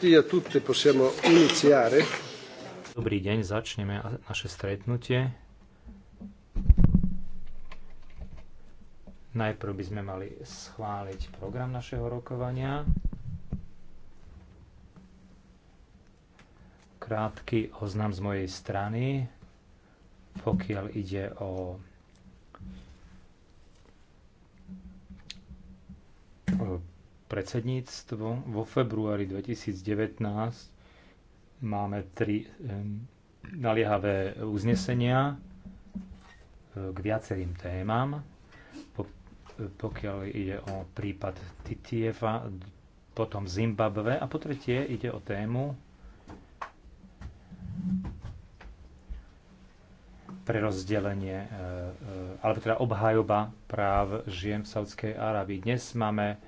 tutti e a tutte, possiamo iniziare. Dobrý deň, začneme naše stretnutie. Najprv by sme mali schváliť program našeho rokovania. Krátky oznam z mojej strany, pokiaľ ide o predsedníctvo. Vo februári 2019 máme tri naliehavé uznesenia k viacerým témam. Pokiaľ ide o prípad Titieva, potom Zimbabve a po tretie ide o tému pre rozdelenie, e, e, alebo teda obhajoba práv žien v Saudskej Arábii. Dnes máme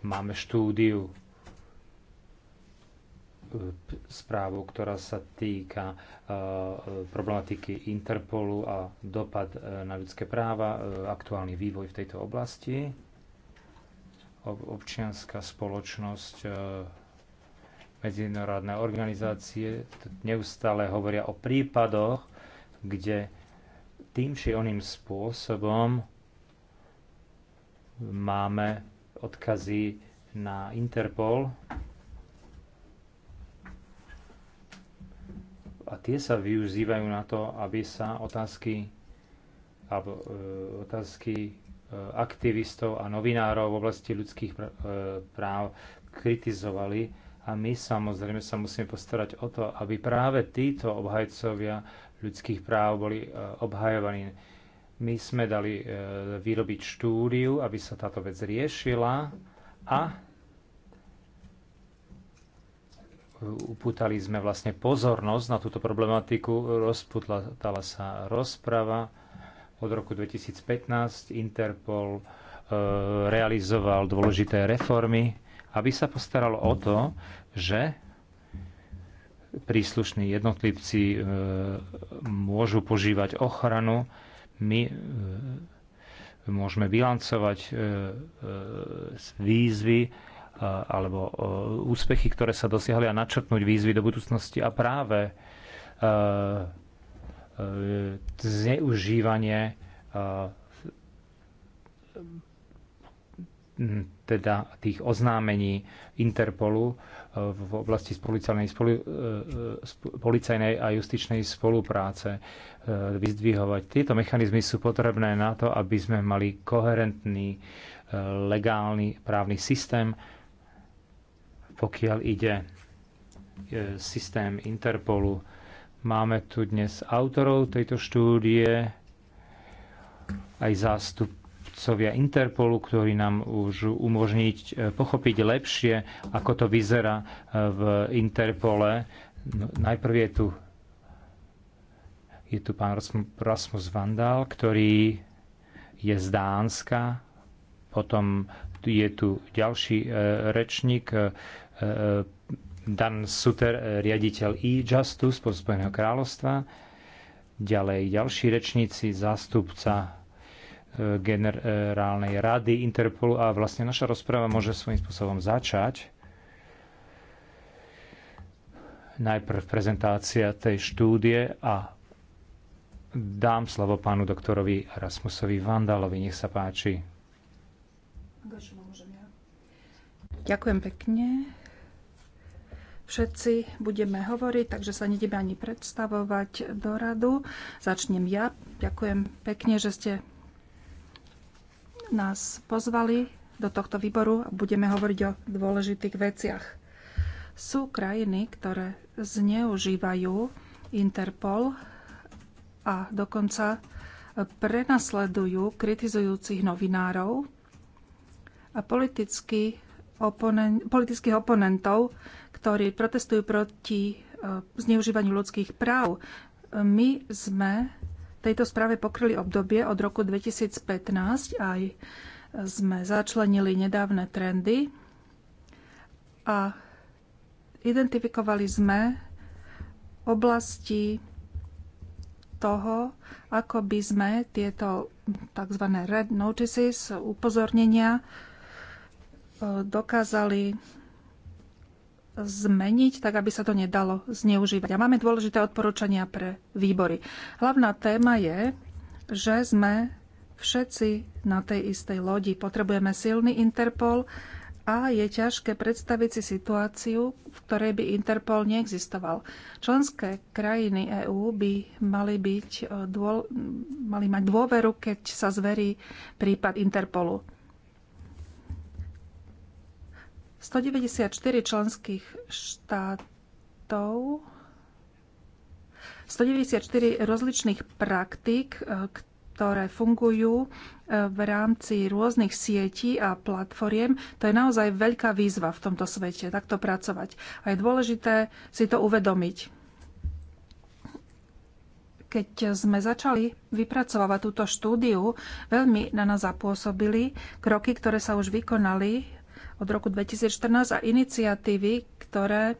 Máme štúdiu, e, správu, ktorá sa týka e, problematiky Interpolu a dopad e, na ľudské práva, aktuálny vývoj v tejto oblasti. Občianská spoločnosť, medzinárodné organizácie neustále hovoria o prípadoch, kde tým či oným spôsobom máme odkazy na Interpol. A tie sa využívajú na to, aby sa otázky, alebo, e, otázky e, aktivistov a novinárov v oblasti ľudských e, práv kritizovali. A my samozrejme sa musíme postarať o to, aby práve títo obhajcovia ľudských práv boli obhajovaní my sme dali e, vyrobiť štúdiu, aby sa táto vec riešila a upútali sme vlastne pozornosť na túto problematiku. Rozputala sa rozprava od roku 2015. Interpol e, realizoval dôležité reformy, aby sa postaralo o to, že príslušní jednotlivci e, môžu požívať ochranu my e, môžeme bilancovať e, e, výzvy alebo úspechy, ktoré sa dosiahli a načrtnúť výzvy do budúcnosti a práve zneužívanie teda tých oznámení Interpolu e, v oblasti policajnej, e, e, policajnej a justičnej spolupráce vyzdvihovať. Tieto mechanizmy sú potrebné na to, aby sme mali koherentný, legálny právny systém, pokiaľ ide systém Interpolu. Máme tu dnes autorov tejto štúdie, aj zástup zástupcovia Interpolu, ktorí nám už umožniť e, pochopiť lepšie, ako to vyzerá e, v Interpole. No, najprv je tu, je tu pán Rasmus Vandal, ktorý je z Dánska, potom je tu ďalší e, rečník, Dan Suter, riaditeľ e justus po Spojeného kráľovstva, ďalej ďalší rečníci, zástupca generálnej rady Interpolu a vlastne naša rozpráva môže svojím spôsobom začať. Najprv prezentácia tej štúdie a dám slovo pánu doktorovi Rasmusovi Vandalovi. Nech sa páči. Ďakujem pekne. Všetci budeme hovoriť, takže sa nedeme ani predstavovať do radu. Začnem ja. Ďakujem pekne, že ste nás pozvali do tohto výboru a budeme hovoriť o dôležitých veciach. Sú krajiny, ktoré zneužívajú Interpol a dokonca prenasledujú kritizujúcich novinárov a politicky oponen- politických oponentov, ktorí protestujú proti eh, zneužívaniu ľudských práv. My sme tejto správe pokryli obdobie od roku 2015 aj sme začlenili nedávne trendy a identifikovali sme oblasti toho, ako by sme tieto tzv. red notices, upozornenia, e, dokázali zmeniť, tak aby sa to nedalo zneužívať. A máme dôležité odporúčania pre výbory. Hlavná téma je, že sme všetci na tej istej lodi. Potrebujeme silný Interpol a je ťažké predstaviť si situáciu, v ktorej by Interpol neexistoval. Členské krajiny EÚ by mali, byť, eh, mali mať dôveru, keď sa zverí prípad Interpolu. 194 členských štátov 194 rozličných praktík, e, ktoré fungujú e, v rámci rôznych sietí a platformiem. To je naozaj veľká výzva v tomto svete, takto pracovať. A je dôležité si to uvedomiť. Keď sme začali vypracovať túto štúdiu, veľmi na nás zapôsobili kroky, ktoré sa už vykonali od roku 2014 a iniciatívy, ktoré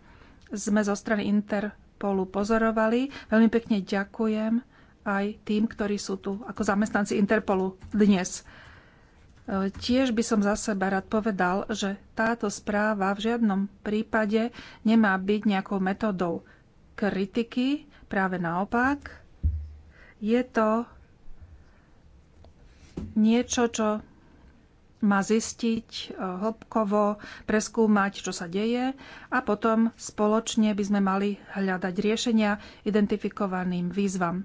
sme zo strany Interpolu pozorovali. Veľmi pekne ďakujem aj tým, ktorí sú tu ako zamestnanci Interpolu dnes. E, tiež by som za seba rád povedal, že táto správa v žiadnom prípade nemá byť nejakou metodou kritiky, práve naopak. Je to niečo, čo má zistiť e, hĺbkovo, preskúmať, čo sa deje a potom spoločne by sme mali hľadať riešenia identifikovaným výzvam. E,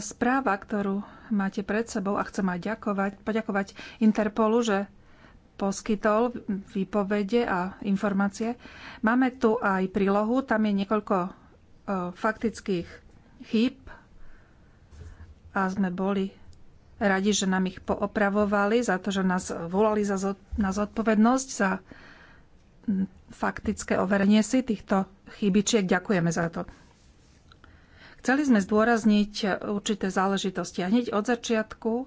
správa, ktorú máte pred sebou a chcem aj ďakovať, poďakovať Interpolu, že poskytol výpovede a informácie. Máme tu aj prílohu, tam je niekoľko e, faktických chýb a sme boli radi, že nám ich poopravovali za to, že nás volali za zod, na zodpovednosť za faktické overenie si týchto chybičiek. Ďakujeme za to. Chceli sme zdôrazniť určité záležitosti a hneď od začiatku e,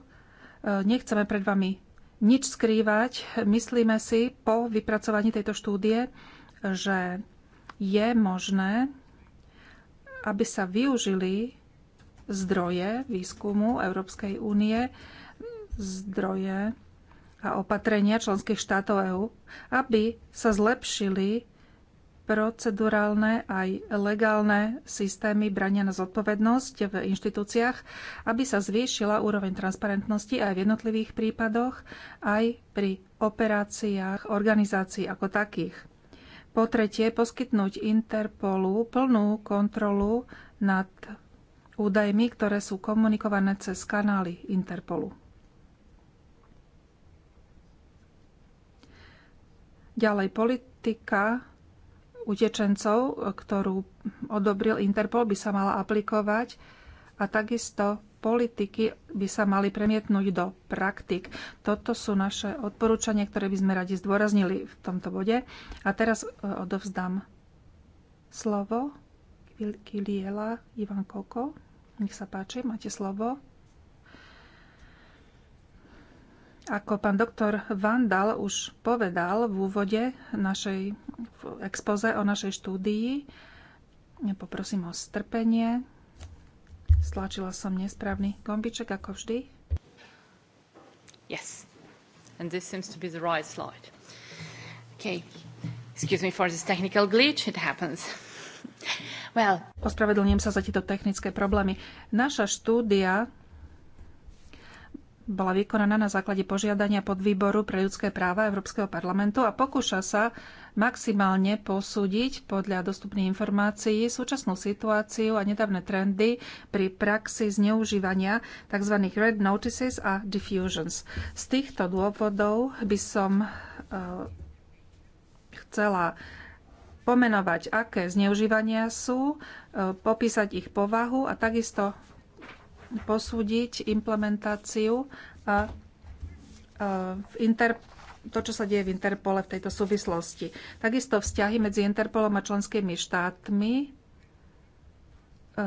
nechceme pred vami nič skrývať. Myslíme si po vypracovaní tejto štúdie, že je možné, aby sa využili zdroje výskumu Európskej únie, zdroje a opatrenia členských štátov EÚ, aby sa zlepšili procedurálne aj legálne systémy brania na zodpovednosť v inštitúciách, aby sa zvýšila úroveň transparentnosti aj v jednotlivých prípadoch, aj pri operáciách organizácií ako takých. Po tretie, poskytnúť Interpolu plnú kontrolu nad údajmi, ktoré sú komunikované cez kanály Interpolu. Ďalej politika utečencov, ktorú odobril Interpol, by sa mala aplikovať a takisto politiky by sa mali premietnúť do praktik. Toto sú naše odporúčania, ktoré by sme radi zdôraznili v tomto bode. A teraz e, odovzdám slovo Kiliela Ivan Koko. Nech sa páči, máte slovo. Ako pán doktor Vandal už povedal v úvode našej v expoze o našej štúdii, poprosím o strpenie. Stlačila som nesprávny gombiček, ako vždy. Yes. And this seems to be the right slide. Okay. Excuse me for this technical glitch, it happens. Well, ospravedlňujem sa za tieto technické problémy. Naša štúdia bola vykonaná na základe požiadania podvýboru pre ľudské práva Európskeho parlamentu a pokúša sa maximálne posúdiť podľa dostupných informácií súčasnú situáciu a nedávne trendy pri praxi zneužívania tzv. red notices a diffusions. Z týchto dôvodov by som eh, chcela pomenovať, aké zneužívania sú, e, popísať ich povahu a takisto posúdiť implementáciu a e, v inter, to, čo sa deje v Interpole v tejto súvislosti. Takisto vzťahy medzi Interpolom a členskými štátmi. E,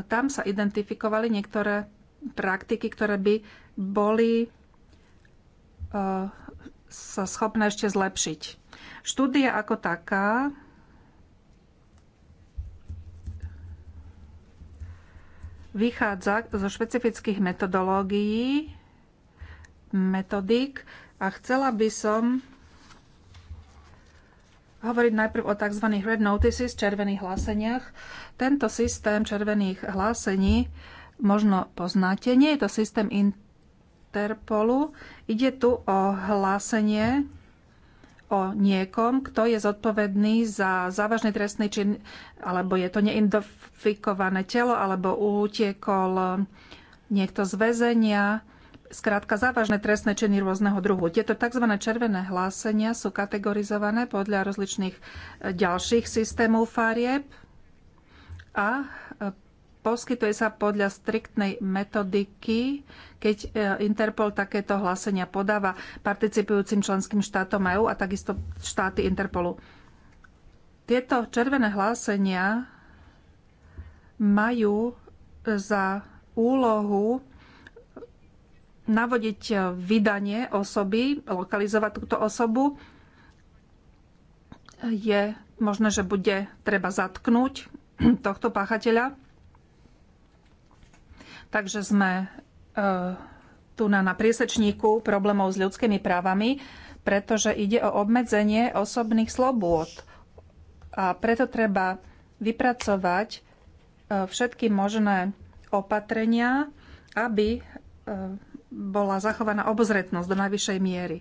tam sa identifikovali niektoré praktiky, ktoré by boli sa schopné ešte zlepšiť. Štúdia ako taká vychádza zo špecifických metodológií, metodík a chcela by som hovoriť najprv o tzv. red notices, červených hláseniach. Tento systém červených hlásení možno poznáte. Nie je to systém Interpolu. Ide tu o hlásenie o niekom, kto je zodpovedný za závažný trestný čin, alebo je to neindofikované telo, alebo utiekol niekto z väzenia, Skrátka, závažné trestné činy rôzneho druhu. Tieto tzv. červené hlásenia sú kategorizované podľa rozličných e, ďalších systémov farieb a e, poskytuje sa podľa striktnej metodiky, keď e, Interpol takéto hlásenia podáva participujúcim členským štátom EU a takisto štáty Interpolu. Tieto červené hlásenia majú za úlohu navodiť vydanie osoby, lokalizovať túto osobu. Je možné, že bude treba zatknúť tohto páchateľa Takže sme e, tu na, na priesečníku problémov s ľudskými právami, pretože ide o obmedzenie osobných slobôd. A preto treba vypracovať e, všetky možné opatrenia, aby e, bola zachovaná obozretnosť do najvyššej miery.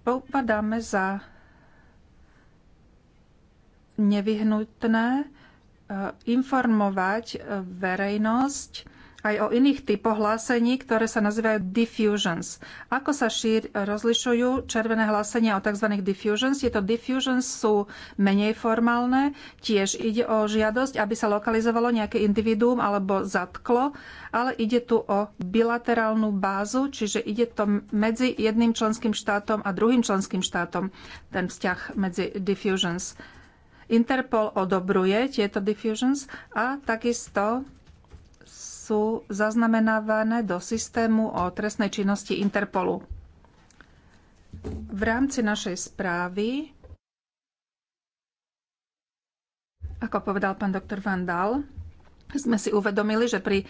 Popadáme za nevyhnutné informovať verejnosť aj o iných typoch hlásení, ktoré sa nazývajú diffusions. Ako sa šír, rozlišujú červené hlásenia o tzv. diffusions? Tieto diffusions sú menej formálne, tiež ide o žiadosť, aby sa lokalizovalo nejaké individuum alebo zatklo, ale ide tu o bilaterálnu bázu, čiže ide to medzi jedným členským štátom a druhým členským štátom, ten vzťah medzi diffusions. Interpol odobruje tieto diffusions a takisto sú zaznamenávané do systému o trestnej činnosti Interpolu. V rámci našej správy, ako povedal pán doktor Van Dal, sme si uvedomili, že pri e,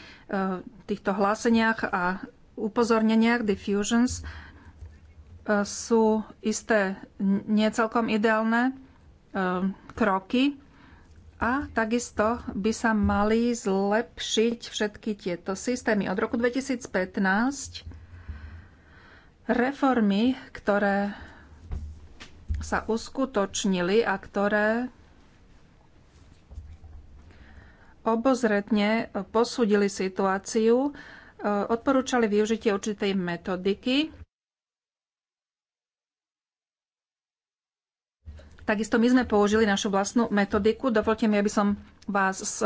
týchto hláseniach a upozorneniach diffusions e, sú isté necelkom ideálne e, kroky, a takisto by sa mali zlepšiť všetky tieto systémy. Od roku 2015 reformy, ktoré sa uskutočnili a ktoré obozretne posúdili situáciu, odporúčali využitie určitej metodiky, Takisto my sme použili našu vlastnú metodiku. Dovolte mi, aby som vás s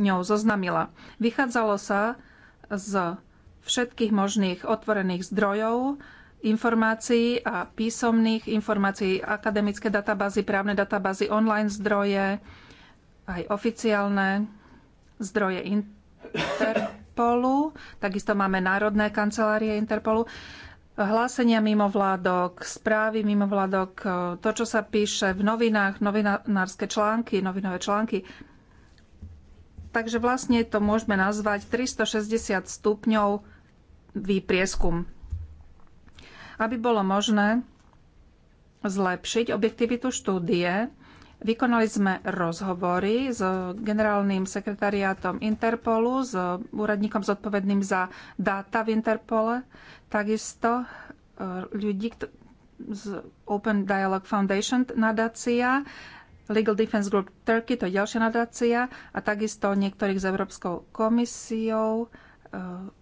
ňou zoznamila. Vychádzalo sa z všetkých možných otvorených zdrojov, informácií a písomných informácií, akademické databázy, právne databázy, online zdroje, aj oficiálne zdroje Interpolu. Takisto máme národné kancelárie Interpolu hlásenia mimovládok, správy mimovládok, e, to, čo sa píše v novinách, novinárske články, novinové články. Takže vlastne to môžeme nazvať 360 stupňov výprieskum. Aby bolo možné zlepšiť objektivitu štúdie, Vykonali sme rozhovory s generálnym sekretariátom Interpolu, s úradníkom zodpovedným za dáta v Interpole. Takisto e, ľudí z Open Dialogue Foundation nadácia, Legal Defense Group Turkey, to je ďalšia nadácia, a takisto niektorých s Európskou komisiou e,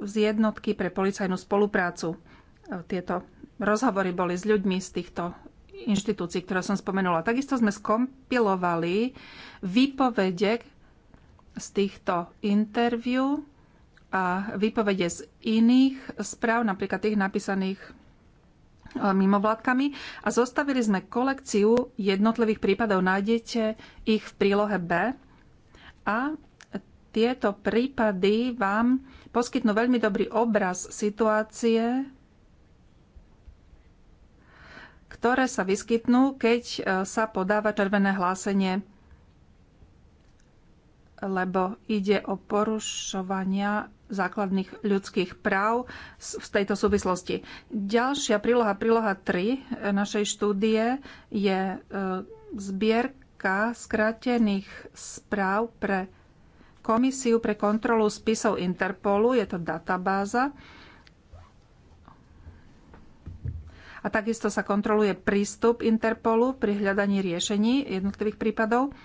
z jednotky pre policajnú spoluprácu. E, tieto rozhovory boli s ľuďmi z týchto inštitúcií, ktoré som spomenula. Takisto sme skompilovali výpovede z týchto interviu, a výpovede z iných správ, napríklad tých napísaných e, mimovládkami a zostavili sme kolekciu jednotlivých prípadov. Nájdete ich v prílohe B a tieto prípady vám poskytnú veľmi dobrý obraz situácie, ktoré sa vyskytnú, keď e, sa podáva červené hlásenie, lebo ide o porušovania základných ľudských práv v tejto súvislosti. Ďalšia príloha, príloha 3 e, našej štúdie je e, zbierka skrátených správ pre Komisiu pre kontrolu spisov Interpolu, je to databáza. A takisto sa kontroluje prístup Interpolu pri hľadaní riešení jednotlivých prípadov.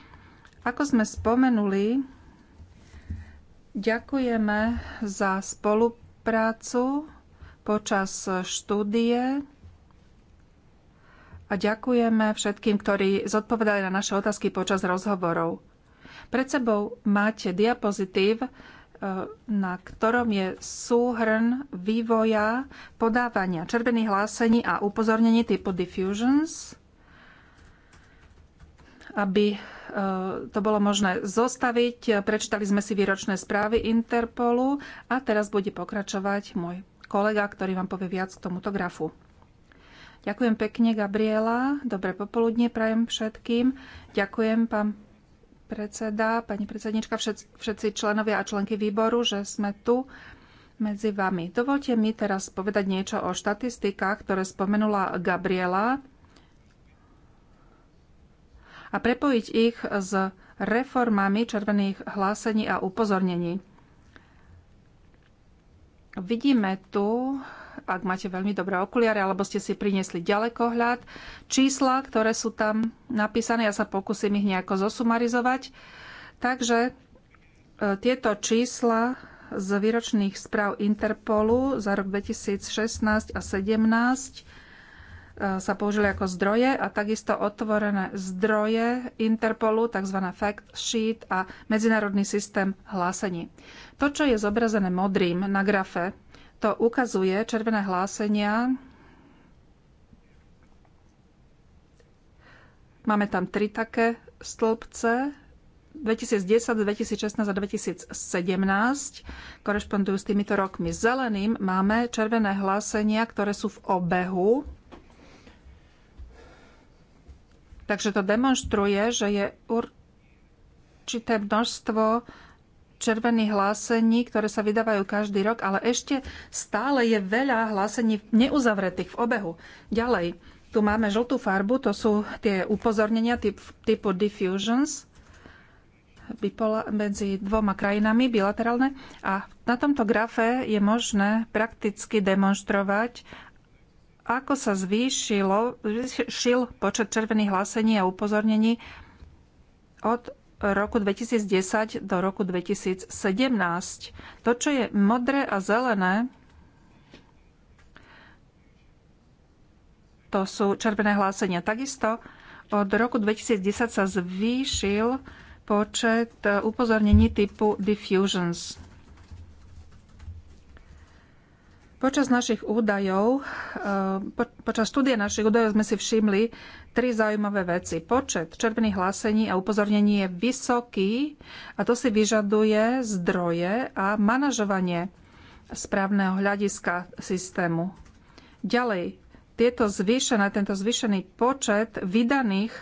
Ako sme spomenuli, Ďakujeme za spoluprácu počas štúdie a ďakujeme všetkým, ktorí zodpovedali na naše otázky počas rozhovorov. Pred sebou máte diapozitív, e, na ktorom je súhrn vývoja podávania červených hlásení a upozornení typu diffusions aby e, to bolo možné zostaviť. Prečítali sme si výročné správy Interpolu a teraz bude pokračovať môj kolega, ktorý vám povie viac k tomuto grafu. Ďakujem pekne, Gabriela. Dobré popoludne prajem všetkým. Ďakujem, pán predseda, pani predsednička, všetci členovia a členky výboru, že sme tu medzi vami. Dovolte mi teraz povedať niečo o štatistikách, ktoré spomenula Gabriela a prepojiť ich s reformami červených hlásení a upozornení. Vidíme tu, ak máte veľmi dobré okuliare alebo ste si priniesli ďalekohľad, čísla, ktoré sú tam napísané. Ja sa pokúsim ich nejako zosumarizovať. Takže e, tieto čísla z výročných správ Interpolu za rok 2016 a 2017 Eh, sa použili ako zdroje a takisto otvorené zdroje Interpolu, tzv. fact sheet a medzinárodný systém hlásení. To, čo je zobrazené modrým na grafe, to ukazuje červené hlásenia. Máme tam tri také stĺpce, 2010, 2016 a 2017 korešpondujú s týmito rokmi. Zeleným máme červené hlásenia, ktoré sú v obehu Takže to demonstruje, že je určité množstvo červených hlásení, ktoré sa vydávajú každý rok, ale ešte stále je veľa hlásení neuzavretých v obehu. Ďalej, tu máme žltú farbu, to sú tie upozornenia typu diffusions medzi dvoma krajinami bilaterálne a na tomto grafe je možné prakticky demonstrovať ako sa zvýšilo, zvýšil počet červených hlásení a upozornení od roku 2010 do roku 2017. To, čo je modré a zelené, to sú červené hlásenia. Takisto od roku 2010 sa zvýšil počet eh, upozornení typu diffusions. Počas našich údajov, eh, počas štúdie našich údajov sme si všimli tri zaujímavé veci. Počet červených hlásení a upozornení je vysoký a to si vyžaduje zdroje a manažovanie správneho hľadiska systému. Ďalej, tieto zvýšené, tento zvýšený počet vydaných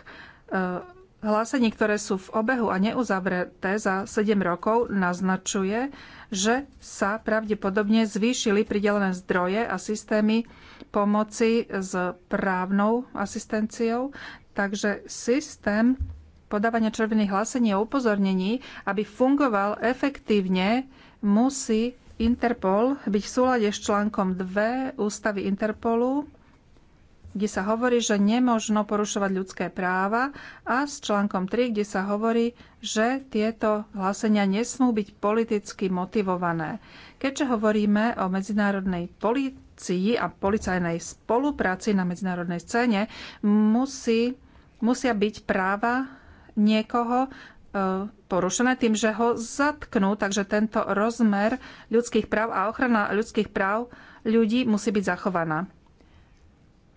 eh, hlásení, ktoré sú v obehu a neuzavreté za 7 rokov, naznačuje, že sa pravdepodobne zvýšili pridelené zdroje a systémy pomoci s právnou asistenciou. Takže systém podávania červených hlásení a upozornení, aby fungoval efektívne, musí Interpol byť v súlade s článkom 2 ústavy Interpolu kde sa hovorí, že nemožno porušovať ľudské práva a s článkom 3, kde sa hovorí, že tieto hlásenia nesmú byť politicky motivované. Keďže hovoríme o medzinárodnej policii a policajnej spolupráci na medzinárodnej scéne, musí, musia byť práva niekoho e, porušené tým, že ho zatknú. Takže tento rozmer ľudských práv a ochrana ľudských práv ľudí musí byť zachovaná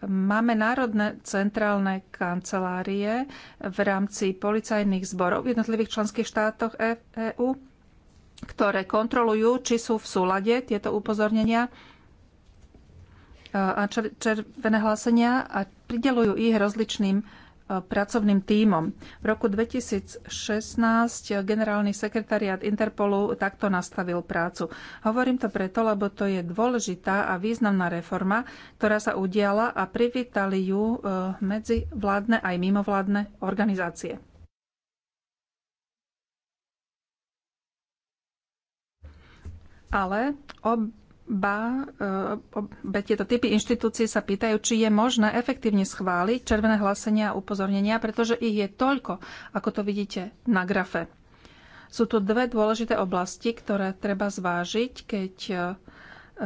máme národné centrálne kancelárie v rámci policajných zborov v jednotlivých členských štátoch EÚ, e ktoré kontrolujú, či sú v súlade tieto upozornenia e, a červené hlásenia a pridelujú ich rozličným pracovným tímom. V roku 2016 generálny sekretariat Interpolu takto nastavil prácu. Hovorím to preto, lebo to je dôležitá a významná reforma, ktorá sa udiala a privítali ju e, medzi vládne aj mimovládne organizácie. Ale ob ba, e, obe tieto typy inštitúcií sa pýtajú, či je možné efektívne schváliť červené hlásenia a upozornenia, pretože ich je toľko, ako to vidíte na grafe. Sú tu dve dôležité oblasti, ktoré treba zvážiť, keď e,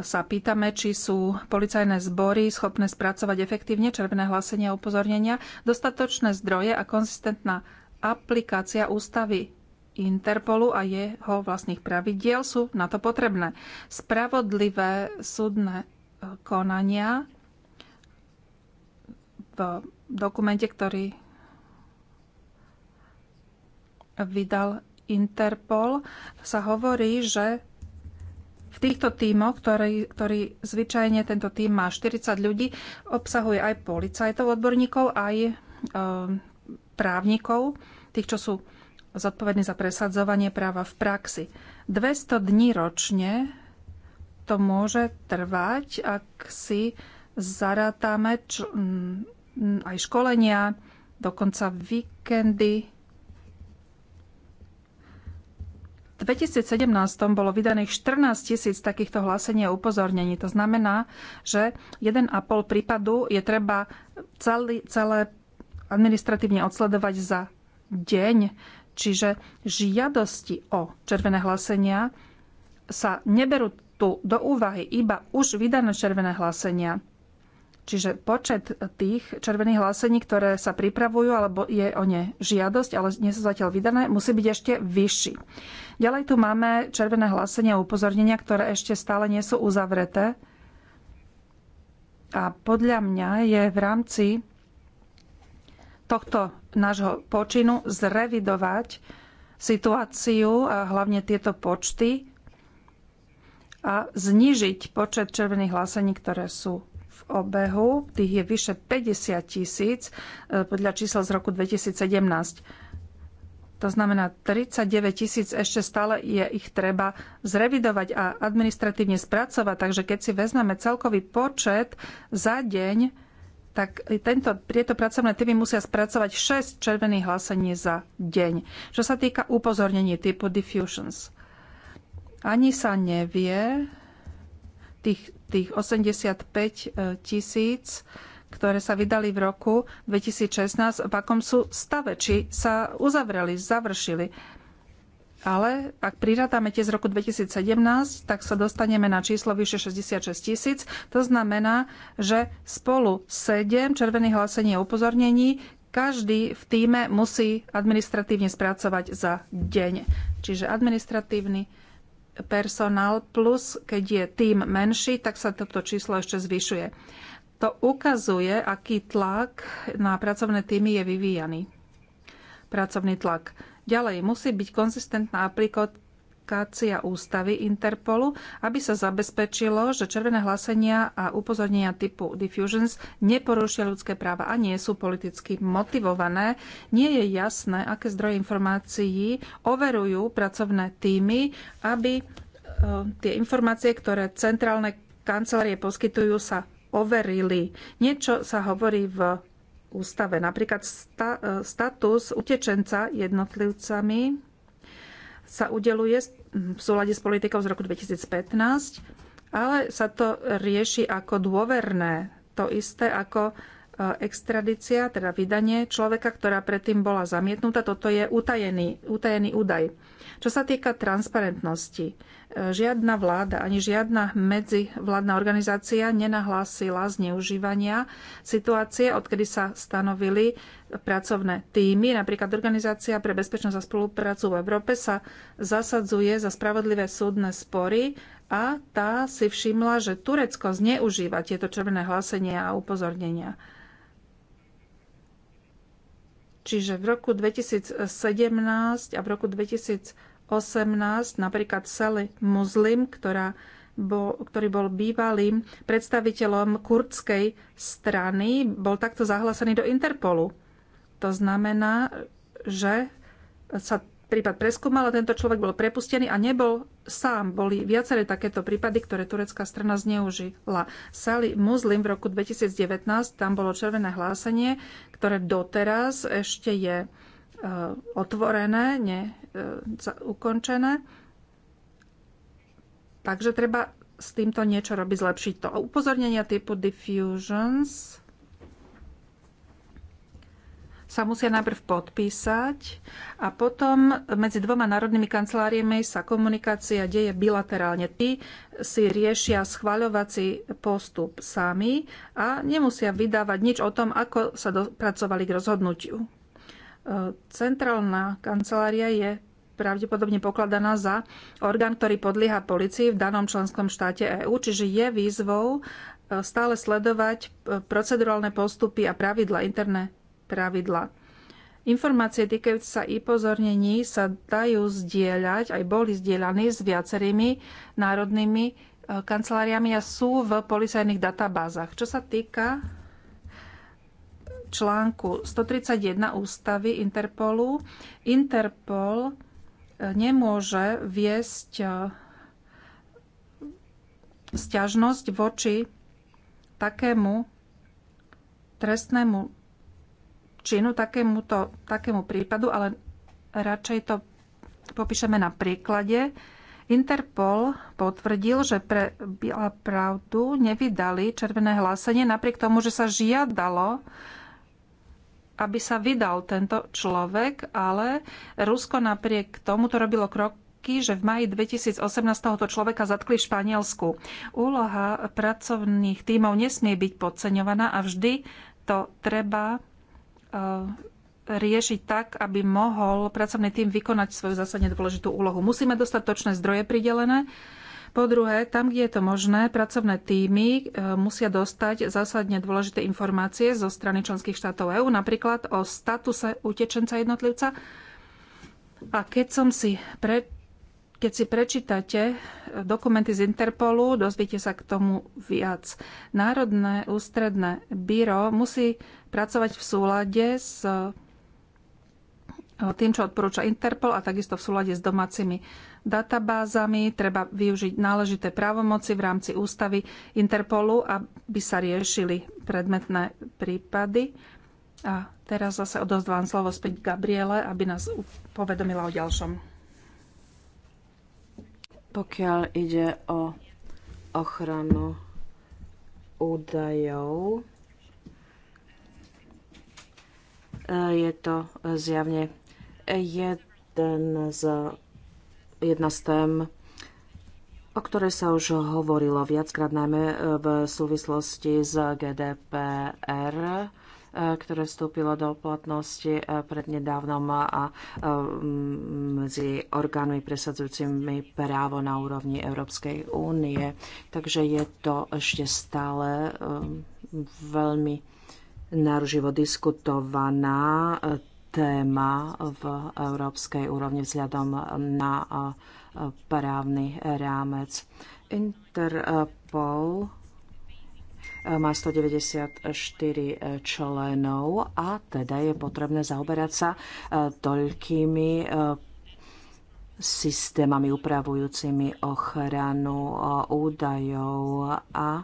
sa pýtame, či sú policajné zbory schopné spracovať efektívne červené hlásenia a upozornenia, dostatočné zdroje a konzistentná aplikácia ústavy Interpolu a jeho vlastných pravidiel sú na to potrebné. Spravodlivé súdne e, konania v dokumente, ktorý vydal Interpol, sa hovorí, že v týchto tímoch, ktorý, ktorý zvyčajne tento tím má 40 ľudí, obsahuje aj policajtov, odborníkov, aj e, právnikov, tých, čo sú zodpovedný za presadzovanie práva v praxi. 200 dní ročne to môže trvať, ak si zarátame č- aj školenia, dokonca víkendy. V 2017 bolo vydaných 14 tisíc takýchto hlásení a upozornení. To znamená, že 1,5 prípadu je treba celý, celé administratívne odsledovať za deň. Čiže žiadosti o červené hlásenia sa neberú tu do úvahy iba už vydané červené hlásenia. Čiže počet tých červených hlásení, ktoré sa pripravujú, alebo je o ne žiadosť, ale nie sú zatiaľ vydané, musí byť ešte vyšší. Ďalej tu máme červené hlásenia a upozornenia, ktoré ešte stále nie sú uzavreté. A podľa mňa je v rámci tohto nášho počinu zrevidovať situáciu a hlavne tieto počty a znižiť počet červených hlásení, ktoré sú v obehu. Tých je vyše 50 tisíc e, podľa čísel z roku 2017. To znamená, 39 tisíc ešte stále je ich treba zrevidovať a administratívne spracovať. Takže keď si vezmeme celkový počet za deň, tak tento, tieto pracovné týmy musia spracovať 6 červených hlásení za deň. Čo sa týka upozornení typu diffusions, ani sa nevie tých, tých 85 e, tisíc, ktoré sa vydali v roku 2016, v akom sú stave, či sa uzavreli, završili ale ak prirátame tie z roku 2017, tak sa dostaneme na číslo vyše 66 tisíc. To znamená, že spolu 7 červených hlásení a upozornení každý v týme musí administratívne spracovať za deň. Čiže administratívny personál plus, keď je tým menší, tak sa toto číslo ešte zvyšuje. To ukazuje, aký tlak na pracovné týmy je vyvíjaný. Pracovný tlak. Ďalej musí byť konzistentná aplikácia ústavy Interpolu, aby sa zabezpečilo, že červené hlásenia a upozornenia typu diffusions neporušia ľudské práva a nie sú politicky motivované. Nie je jasné, aké zdroje informácií overujú pracovné týmy, aby e, tie informácie, ktoré centrálne kancelárie poskytujú, sa overili. Niečo sa hovorí v ústave. Napríklad sta, e, status utečenca jednotlivcami sa udeluje v súlade s politikou z roku 2015, ale sa to rieši ako dôverné. To isté ako e, extradícia, teda vydanie človeka, ktorá predtým bola zamietnutá. Toto je utajený, utajený údaj. Čo sa týka transparentnosti, e, žiadna vláda ani žiadna medzivládna organizácia nenahlásila zneužívania situácie, odkedy sa stanovili pracovné týmy. Napríklad Organizácia pre bezpečnosť a spoluprácu v Európe sa zasadzuje za spravodlivé súdne spory a tá si všimla, že Turecko zneužíva tieto červené hlásenia a upozornenia. Čiže v roku 2017 a v roku 2018 18, napríklad Sally Muslim, ktorá bol, ktorý bol bývalým predstaviteľom kurdskej strany, bol takto zahlásený do Interpolu. To znamená, že sa prípad preskúmal a tento človek bol prepustený a nebol sám. Boli viaceré takéto prípady, ktoré turecká strana zneužila. Sali Muslim v roku 2019, tam bolo červené hlásenie, ktoré doteraz ešte je Eh, otvorené, ne eh, ukončené. Takže treba s týmto niečo robiť, zlepšiť to. Upozornenia typu diffusions sa musia najprv podpísať a potom medzi dvoma národnými kanceláriami sa komunikácia deje bilaterálne. Tí si riešia schvaľovací postup sami a nemusia vydávať nič o tom, ako sa dopracovali k rozhodnutiu. Centrálna kancelária je pravdepodobne pokladaná za orgán, ktorý podlieha policii v danom členskom štáte EÚ, čiže je výzvou e, stále sledovať e, procedurálne postupy a pravidla, interné pravidla. Informácie týkajúce sa i pozornení sa dajú zdieľať, aj boli zdieľaní s viacerými národnými e, kanceláriami a sú v policajných databázach. Čo sa týka článku 131 ústavy Interpolu Interpol e, nemôže viesť e, sťažnosť voči takému trestnému činu, takémuto, takému prípadu, ale radšej to popíšeme na príklade. Interpol potvrdil, že pre Biela pravdu nevydali červené hlásenie, napriek tomu, že sa žiadalo aby sa vydal tento človek, ale Rusko napriek tomu to robilo krok že v maji 2018 tohoto človeka zatkli v Španielsku. Úloha pracovných tímov nesmie byť podceňovaná a vždy to treba e, riešiť tak, aby mohol pracovný tým vykonať svoju zásadne dôležitú úlohu. Musíme dostať točné zdroje pridelené po druhé, tam, kde je to možné, pracovné týmy e, musia dostať zásadne dôležité informácie zo strany členských štátov EÚ, napríklad o statuse utečenca jednotlivca. A keď som si pre, keď si prečítate e, dokumenty z Interpolu, dozviete sa k tomu viac. Národné ústredné byro musí pracovať v súlade s tým, čo odporúča Interpol a takisto v súlade s domácimi databázami. Treba využiť náležité právomoci v rámci ústavy Interpolu, aby sa riešili predmetné prípady. A teraz zase odozdvám slovo späť Gabriele, aby nás povedomila o ďalšom. Pokiaľ ide o ochranu údajov, je to zjavne Jeden z, jedna z tém, o ktorej sa už hovorilo viackrát, najmä e, v súvislosti s GDPR, e, ktoré vstúpilo do platnosti e, prednedávnom a medzi orgánmi presadzujúcimi právo na úrovni Európskej únie. Takže je to ešte stále veľmi náruživo diskutovaná téma v európskej úrovni vzhľadom na právny rámec. Interpol e, má 194 e, členov a teda je potrebné zaoberať sa e, toľkými systémami upravujúcimi ochranu údajov a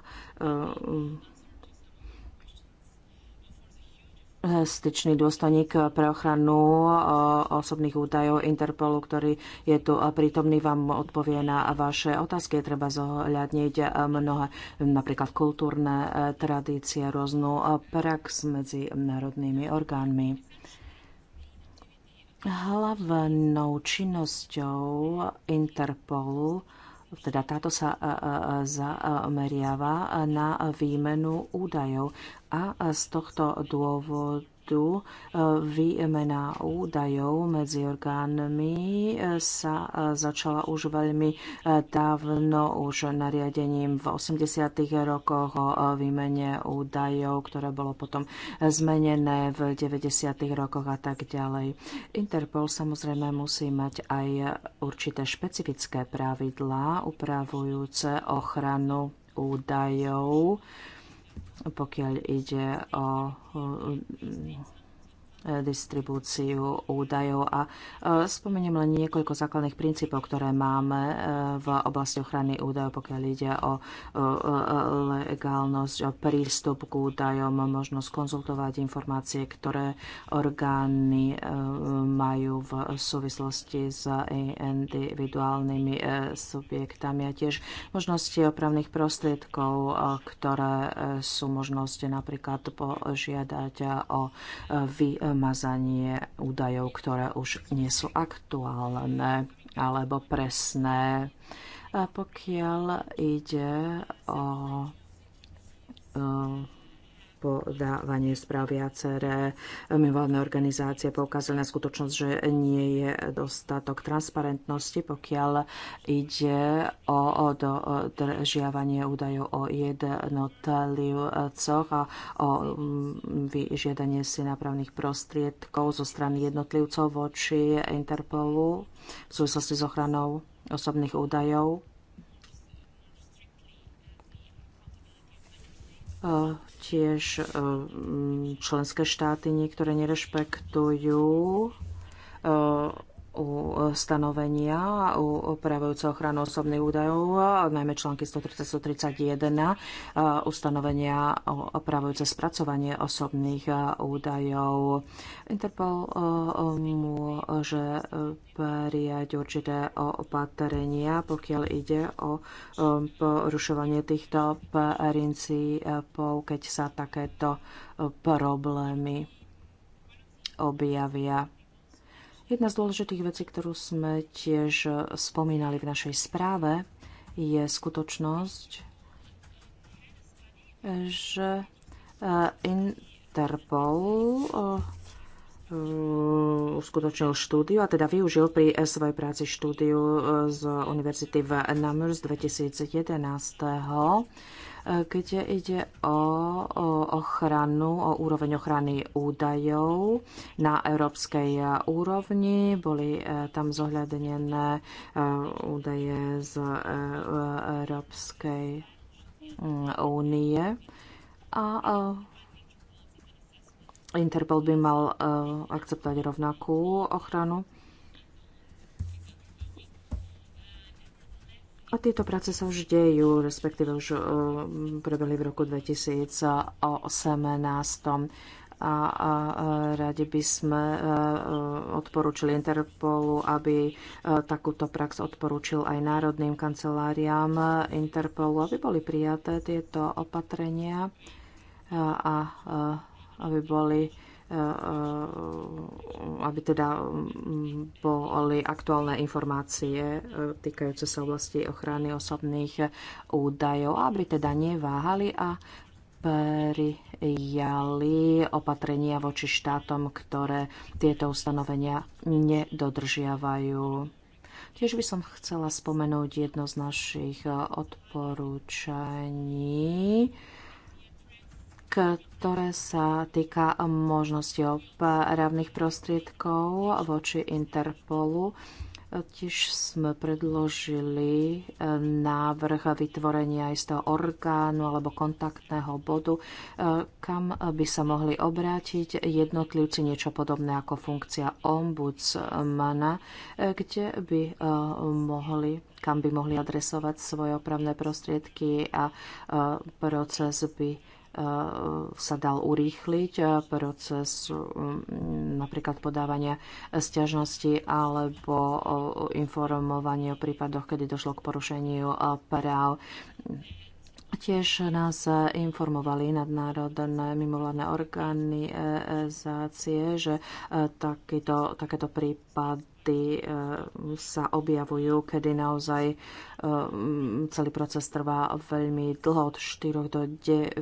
styčný dôstojník pre ochranu eh, osobných údajov Interpolu, ktorý je tu prítomný, vám odpovie na vaše otázky. Treba zohľadniť eh, mnohé, napríklad kultúrne eh, tradície, rôznu prax medzi národnými orgánmi. Hlavnou činnosťou Interpolu teda táto sa e, e, zameriava na výmenu údajov a z tohto dôvodu tu e, výmena údajov medzi orgánmi e, sa e, začala už veľmi dávno, už nariadením v 80. rokoch o výmene údajov, ktoré bolo potom zmenené v 90. rokoch a tak ďalej. Interpol samozrejme musí mať aj určité špecifické pravidlá upravujúce ochranu údajov pokiaľ ide o E, distribúciu údajov a e, spomeniem len niekoľko základných princípov, ktoré máme e, v oblasti ochrany údajov, pokiaľ ide o legálnosť, o prístup k údajom, možnosť konzultovať informácie, ktoré orgány majú v súvislosti s individuálnymi subjektami a tiež možnosti opravných prostriedkov, ktoré sú možnosti napríklad požiadať o vy mazanie údajov, ktoré už nie sú aktuálne alebo presné. A pokiaľ ide o e, podávanie správ viaceré mimovládne organizácie poukázali na skutočnosť, že nie je dostatok transparentnosti, pokiaľ ide o dodržiavanie údajov o jednotlivcoch a o vyžiadanie si nápravných prostriedkov zo strany jednotlivcov voči Interpolu v súvislosti s ochranou osobných údajov. Tiež e, členské štáty niektoré nerešpektujú e, ustanovenia upravujúce ochranu osobných údajov, najmä články 130-131, ustanovenia upravujúce spracovanie osobných údajov. Interpol môže prijať určité opatrenia, pokiaľ ide o porušovanie týchto princípov, keď sa takéto problémy objavia Jedna z dôležitých vecí, ktorú sme tiež spomínali v našej správe, je skutočnosť, že e, Interpol e, uskutočnil štúdiu, a teda využil pri svojej práci štúdiu e, z Univerzity v Namurs 2011 keď ide o ochranu, o úroveň ochrany údajov na európskej úrovni. Boli e, tam zohľadené e, údaje z e, Európskej mm, únie. A Interpol by mal akceptovať rovnakú ochranu A tieto práce sa už dejú, respektíve už eh, prebehli v roku 2018. A, a, radi by sme eh, odporúčili Interpolu, aby eh, takúto prax odporúčil aj národným kanceláriám Interpolu, aby boli prijaté tieto opatrenia a, a aby boli Eh, aby teda mm, boli aktuálne informácie eh, týkajúce sa oblasti ochrany osobných eh, údajov, aby teda neváhali a prijali opatrenia voči štátom, ktoré tieto ustanovenia nedodržiavajú. Tiež by som chcela spomenúť jedno z našich odporúčaní ktoré sa týka možnosti opravných prostriedkov voči Interpolu. Tiež sme predložili e, návrh vytvorenia istého orgánu alebo kontaktného bodu, e, kam by sa mohli obrátiť jednotlivci niečo podobné ako funkcia ombudsmana, e, kde by mohli kam by mohli adresovať svoje opravné prostriedky a proces by sa dal urýchliť eh, proces mm, napríklad podávania stiažnosti alebo eh, informovanie o prípadoch, kedy došlo k porušeniu eh, práv. Tiež nás informovali nadnárodné mimovládne organizácie, že takýto, takéto prípady momenty e, sa objavujú, kedy naozaj e, celý proces trvá veľmi dlho, od 4 do 9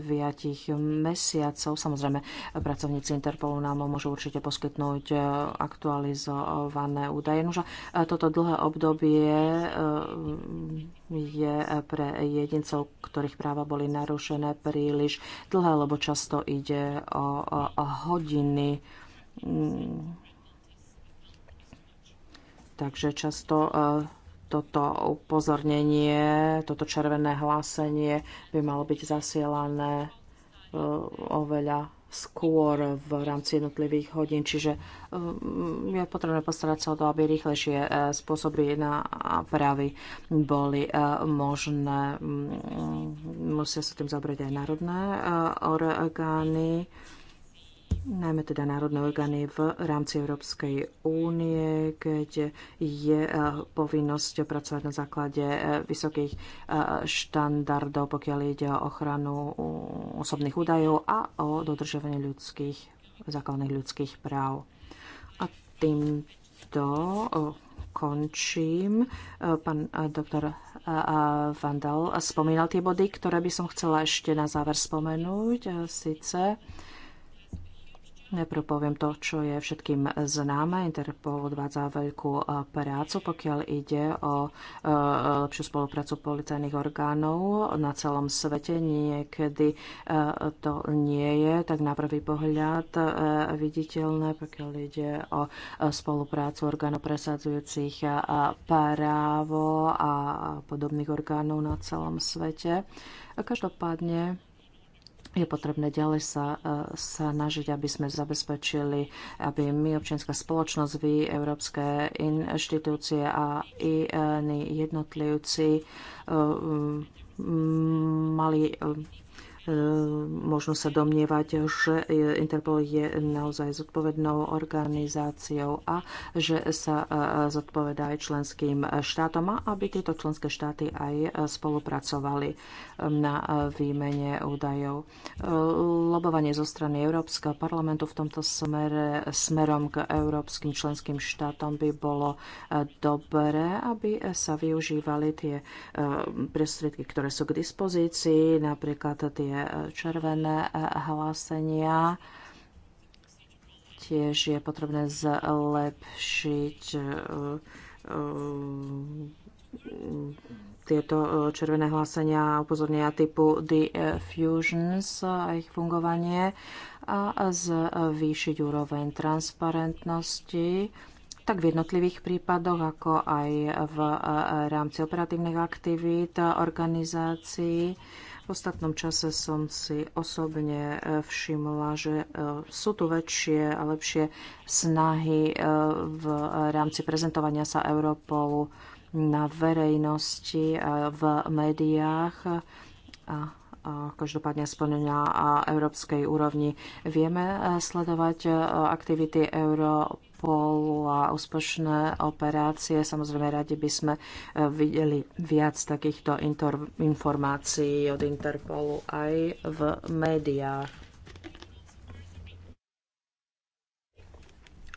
mesiacov. Samozrejme, pracovníci Interpolu nám môžu určite poskytnúť e, aktualizované údaje. Nože toto dlhé obdobie je pre jedincov, ktorých práva boli narušené príliš dlhé, lebo často ide o, o hodiny mm. Takže často e, toto upozornenie, toto červené hlásenie by malo byť zasielané e, oveľa skôr v rámci jednotlivých hodín. Čiže e, je potrebné postarať sa o to, aby rýchlejšie spôsoby na pravy boli možné. Musia sa tým zabrať aj národné orgány najmä teda národné orgány v rámci Európskej únie, kde je eh, povinnosť pracovať na základe eh, vysokých eh, štandardov, pokiaľ ide o ochranu osobných údajov a o dodržovanie ľudských, základných ľudských práv. A týmto končím. Pán doktor Vandal spomínal tie body, ktoré by som chcela ešte na záver spomenúť. Sice Najprv poviem to, čo je všetkým známe. Interpol odvádza veľkú e, prácu, pokiaľ ide o e, lepšiu spoluprácu policajných orgánov na celom svete. Niekedy e, to nie je tak na prvý pohľad viditeľné, pokiaľ ide o spoluprácu orgánov presadzujúcich právo a podobných orgánov na celom svete. Každopádne je potrebné ďalej sa, e, sa nažiť, aby sme zabezpečili, aby my, občianská spoločnosť, vy, európske inštitúcie a i e, jednotlivci e, mali Ehm, možno sa domnievať, že Interpol je naozaj zodpovednou organizáciou a že sa e, e, zodpovedá aj členským štátom a aby tieto členské štáty aj e, spolupracovali ehm, na výmene údajov. Ehm, lobovanie zo strany Európskeho parlamentu v tomto smere smerom k európskym členským štátom by bolo dobré, aby sa využívali tie prostriedky, ktoré sú k dispozícii, napríklad tie červené e, hlásenia. Tiež je potrebné zlepšiť e, e, tieto červené hlásenia a upozornenia typu diffusions a ich fungovanie a zvýšiť úroveň transparentnosti tak v jednotlivých prípadoch, ako aj v rámci operatívnych aktivít organizácií v ostatnom čase som si osobne e, všimla, že e, sú tu väčšie a lepšie snahy e, v rámci prezentovania sa Europolu na verejnosti, v médiách. A každopádne splnenia európskej úrovni. Vieme eh, sledovať eh, aktivity euro a úspešné operácie. Samozrejme, radi by sme eh, videli viac takýchto informácií od Interpolu aj v médiách.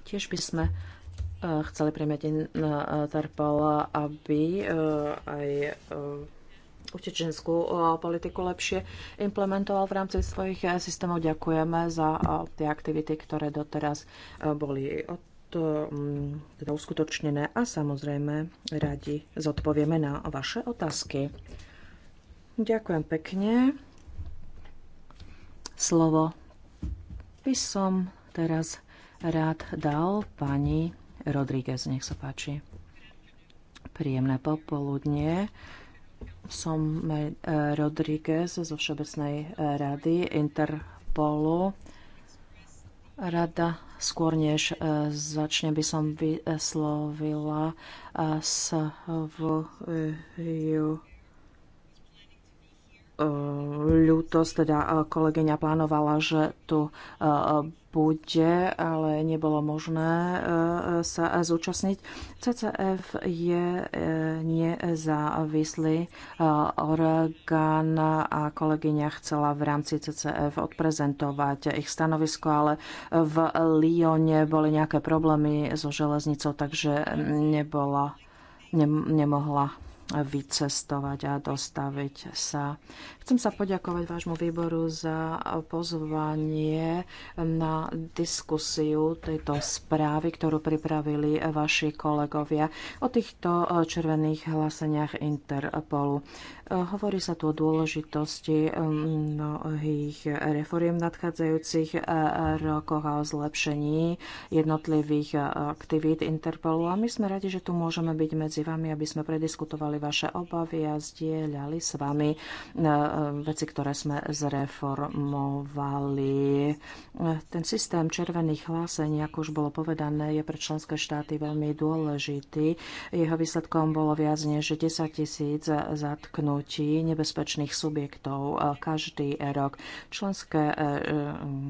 Tiež by sme chceli prijať Interpol, aby aj utečenskú eh, politiku lepšie implementoval v rámci svojich eh, systémov. Ďakujeme za eh, tie aktivity, ktoré doteraz boli od to mm, teda uskutočnené a samozrejme radi zodpovieme na vaše otázky. Ďakujem pekne. Slovo by som teraz rád dal pani Rodríguez. Nech sa páči. Príjemné popoludnie. Som e, Rodríguez zo Všeobecnej e, rady Interpolu. Rada skôr než e, začne by som vyslovila svoju ľútosť, teda kolegyňa plánovala, že tu bude, ale nebolo možné e, e, sa zúčastniť. CCF je e, nezávislý orgán a kolegyňa chcela v rámci CCF odprezentovať ich stanovisko, ale v Lyone boli nejaké problémy so železnicou, takže nebola, ne, nemohla vycestovať a dostaviť sa. Chcem sa poďakovať vášmu výboru za pozvanie na diskusiu tejto správy, ktorú pripravili vaši kolegovia o týchto červených hláseniach Interpolu. Hovorí sa tu o dôležitosti um, mnohých reforiem v nadchádzajúcich e, rokoch a o zlepšení jednotlivých e, aktivít Interpolu. A my sme radi, že tu môžeme byť medzi vami, aby sme prediskutovali vaše obavy a zdieľali s vami e, veci, ktoré sme zreformovali. Ten systém červených hlásení, ako už bolo povedané, je pre členské štáty veľmi dôležitý. Jeho výsledkom bolo viac než 10 tisíc zatknutí proti nebezpečných subjektov každý rok. Členské e, e,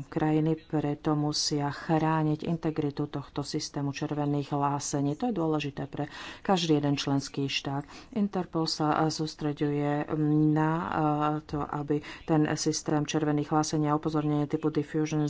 krajiny preto musia chrániť integritu tohto systému červených hlásení. To je dôležité pre každý jeden členský štát. Interpol sa e, sústreďuje na to, aby ten systém červených hlásení a upozornenia typu Diffusion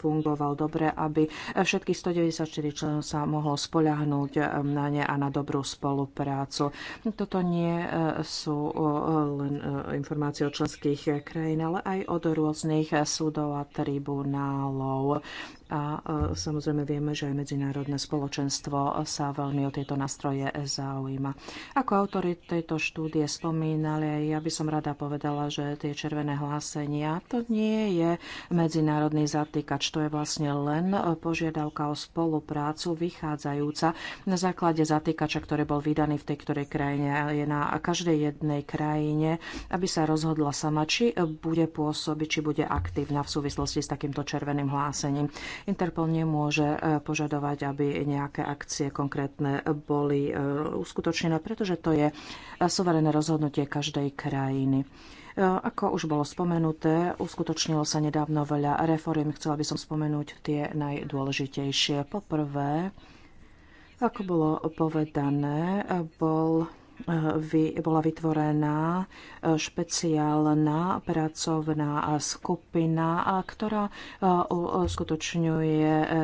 fungoval dobre, aby všetky 194 členov sa mohlo spoľahnúť na ne a na dobrú spoluprácu. Toto nie sú len e, informácie o členských krajín, ale aj od rôznych súdov a tribunálov. A e, samozrejme vieme, že aj medzinárodné spoločenstvo sa veľmi o tieto nástroje zaujíma. Ako autory tejto štúdie spomínali, ja by som rada povedala, že tie červené hlásenia to nie je medzinárodný zatýkač, to je vlastne len požiadavka o spoluprácu vychádzajúca na základe zatýkača, ktorý bol vydaný v tej ktorej krajine. Je na každej jednej krajine, aby sa rozhodla sama, či bude pôsobiť, či bude aktívna v súvislosti s takýmto červeným hlásením. Interpol nemôže e, požadovať, aby nejaké akcie konkrétne boli e, uskutočnené, pretože to je e, suverené rozhodnutie každej krajiny. Ako už bolo spomenuté, uskutočnilo sa nedávno veľa reform. Chcela by som spomenúť tie najdôležitejšie. Poprvé, ako bolo povedané, bol bola vytvorená e, špeciálna pracovná skupina, ktorá e, uskutočňuje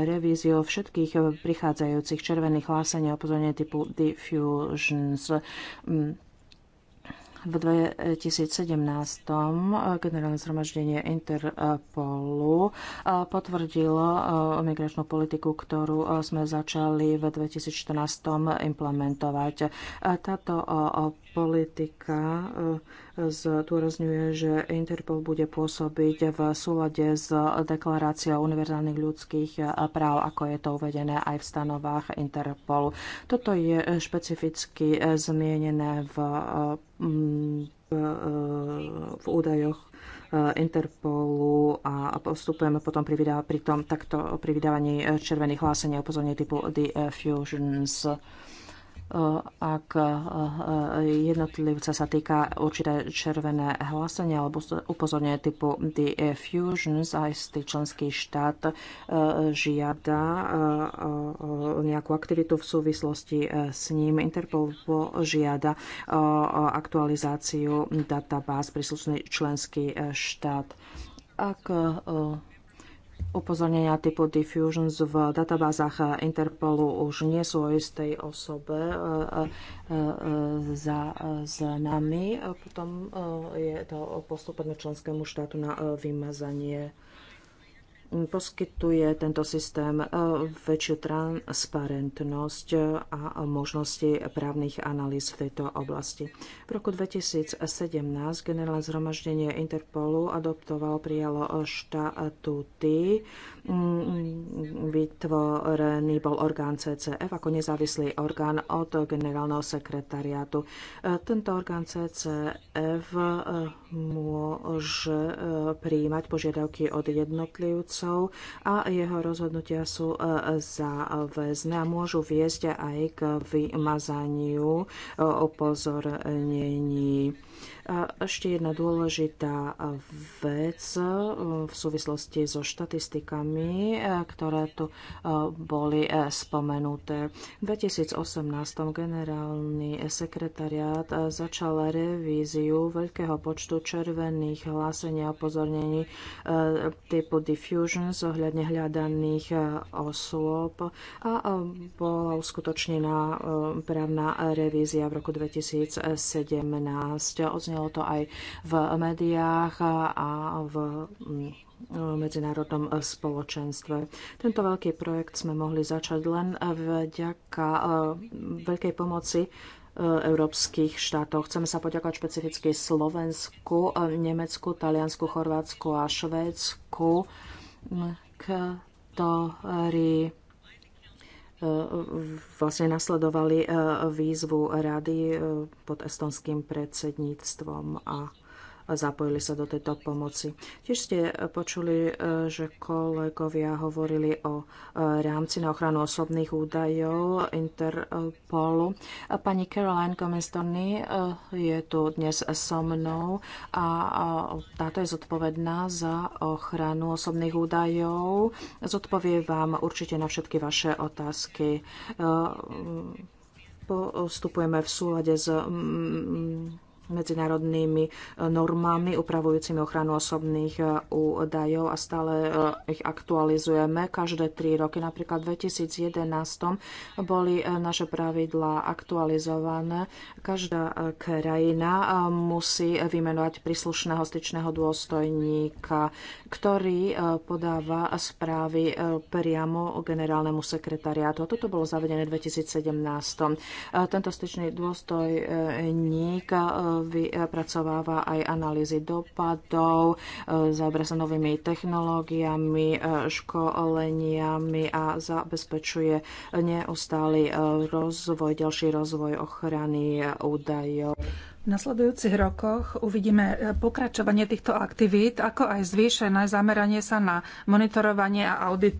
revíziu všetkých prichádzajúcich červených hlásení a opozorne typu diffusions mm v 2017. generálne zhromaždenie Interpolu e, potvrdilo e, migračnú politiku, ktorú e, sme začali v 2014 implementovať. Táto politika eh, zdôrazňuje, že Interpol bude pôsobiť v súlade s deklaráciou univerzálnych ľudských eh, práv, ako je to uvedené aj v stanovách Interpolu. Toto je eh, špecificky zmienené v, v, v údajoch Interpolu a postupujeme potom pri, pri tom takto pri vydávaní červených hlásení a upozornení typu diffusions. Fusions ak eh, eh, jednotlivca sa týka určité červené hlásenie alebo upozornenie typu diffusion, istý členský štát eh, žiada nejakú aktivitu v súvislosti s ním. Interpol žiada aktualizáciu databáz príslušný členský štát. Ak Upozornenia typu diffusions v databázach Interpolu už nie sú o istej osobe e, e, e, za nami. Potom je to postupené členskému štátu na vymazanie poskytuje tento systém e, väčšiu transparentnosť e, a možnosti právnych analýz v tejto oblasti. V roku 2017 generálne zhromaždenie Interpolu adoptovalo, prijalo štatúty Vytvorený bol orgán CCF ako nezávislý orgán od generálneho sekretariátu. Tento orgán CCF eh, môže eh, prijímať požiadavky od jednotlivcov a jeho rozhodnutia sú eh, záväzné a môžu viesť aj k vymazaniu upozornení. Ešte jedna dôležitá vec e, v súvislosti so štatistikami, e, ktoré tu e, boli spomenuté. V 2018 generálny sekretariát začal revíziu veľkého počtu červených hlásení a upozornení typu diffusion zohľadne hľadaných osôb a bola uskutočnená právna revízia v roku 2017 odznelo to aj v médiách a mm, v medzinárodnom spoločenstve. Tento veľký projekt sme mohli začať len vďaka eh, veľkej pomoci eh, európskych štátov. Chceme sa poďakovať špecificky Slovensku, eh, Nemecku, Taliansku, Chorvátsku a Švédsku, ktorí vlastne nasledovali e, výzvu rady e, pod estonským predsedníctvom a zapojili sa do tejto pomoci. Tiež ste e, počuli, e, že kolegovia hovorili o e, rámci na ochranu osobných údajov Interpolu. Pani Caroline Gomez je tu dnes so mnou a táto je zodpovedná za ochranu osobných údajov. Zodpovie vám určite na všetky vaše otázky postupujeme v súlade s medzinárodnými e, normami upravujúcimi ochranu osobných e, údajov a stále e, ich aktualizujeme. Každé tri roky, napríklad v 2011 boli naše pravidlá aktualizované. Každá krajina musí vymenovať príslušného styčného dôstojníka, ktorý podáva správy priamo generálnemu sekretariátu. A toto bolo zavedené v 2017. Tento styčný dôstojník vypracováva aj analýzy dopadov, e, zaoberá sa novými technológiami, e, školeniami a zabezpečuje neustály e, rozvoj, ďalší rozvoj ochrany údajov. V nasledujúcich rokoch uvidíme pokračovanie týchto aktivít, ako aj zvýšené zameranie sa na monitorovanie a audit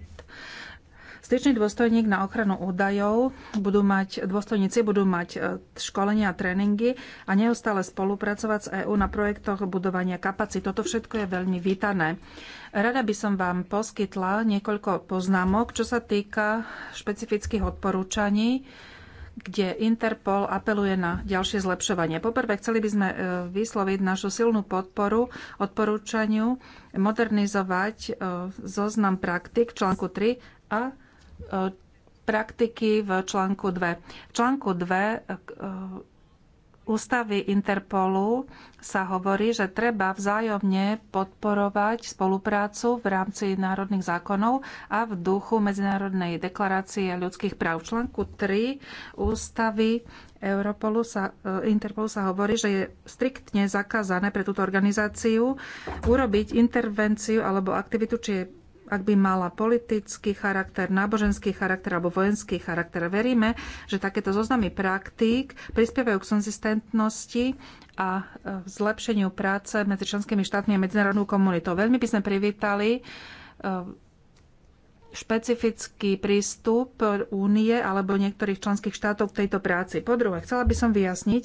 Styčný dôstojník na ochranu údajov budú mať, dôstojníci budú mať e, školenia a tréningy a neustále spolupracovať s EÚ na projektoch budovania kapacít. Toto všetko je veľmi vítané. Rada by som vám poskytla niekoľko poznámok, čo sa týka špecifických odporúčaní kde Interpol apeluje na ďalšie zlepšovanie. Poprvé, chceli by sme e, vysloviť našu silnú podporu odporúčaniu modernizovať e, zoznam praktik článku 3 a E, praktiky v článku 2. V článku 2 e, e, ústavy Interpolu sa hovorí, že treba vzájomne podporovať spoluprácu v rámci národných zákonov a v duchu Medzinárodnej deklarácie ľudských práv. V článku 3 ústavy Europolu sa, Interpolu sa hovorí, že je striktne zakázané pre túto organizáciu urobiť intervenciu alebo aktivitu, či je ak by mala politický charakter, náboženský charakter alebo vojenský charakter. Veríme, že takéto zoznamy praktík prispievajú k konzistentnosti a e, zlepšeniu práce medzi členskými štátmi a medzinárodnou komunitou. Veľmi by sme privítali e, špecifický prístup únie alebo niektorých členských štátov k tejto práci. Po druhé, chcela by som vyjasniť,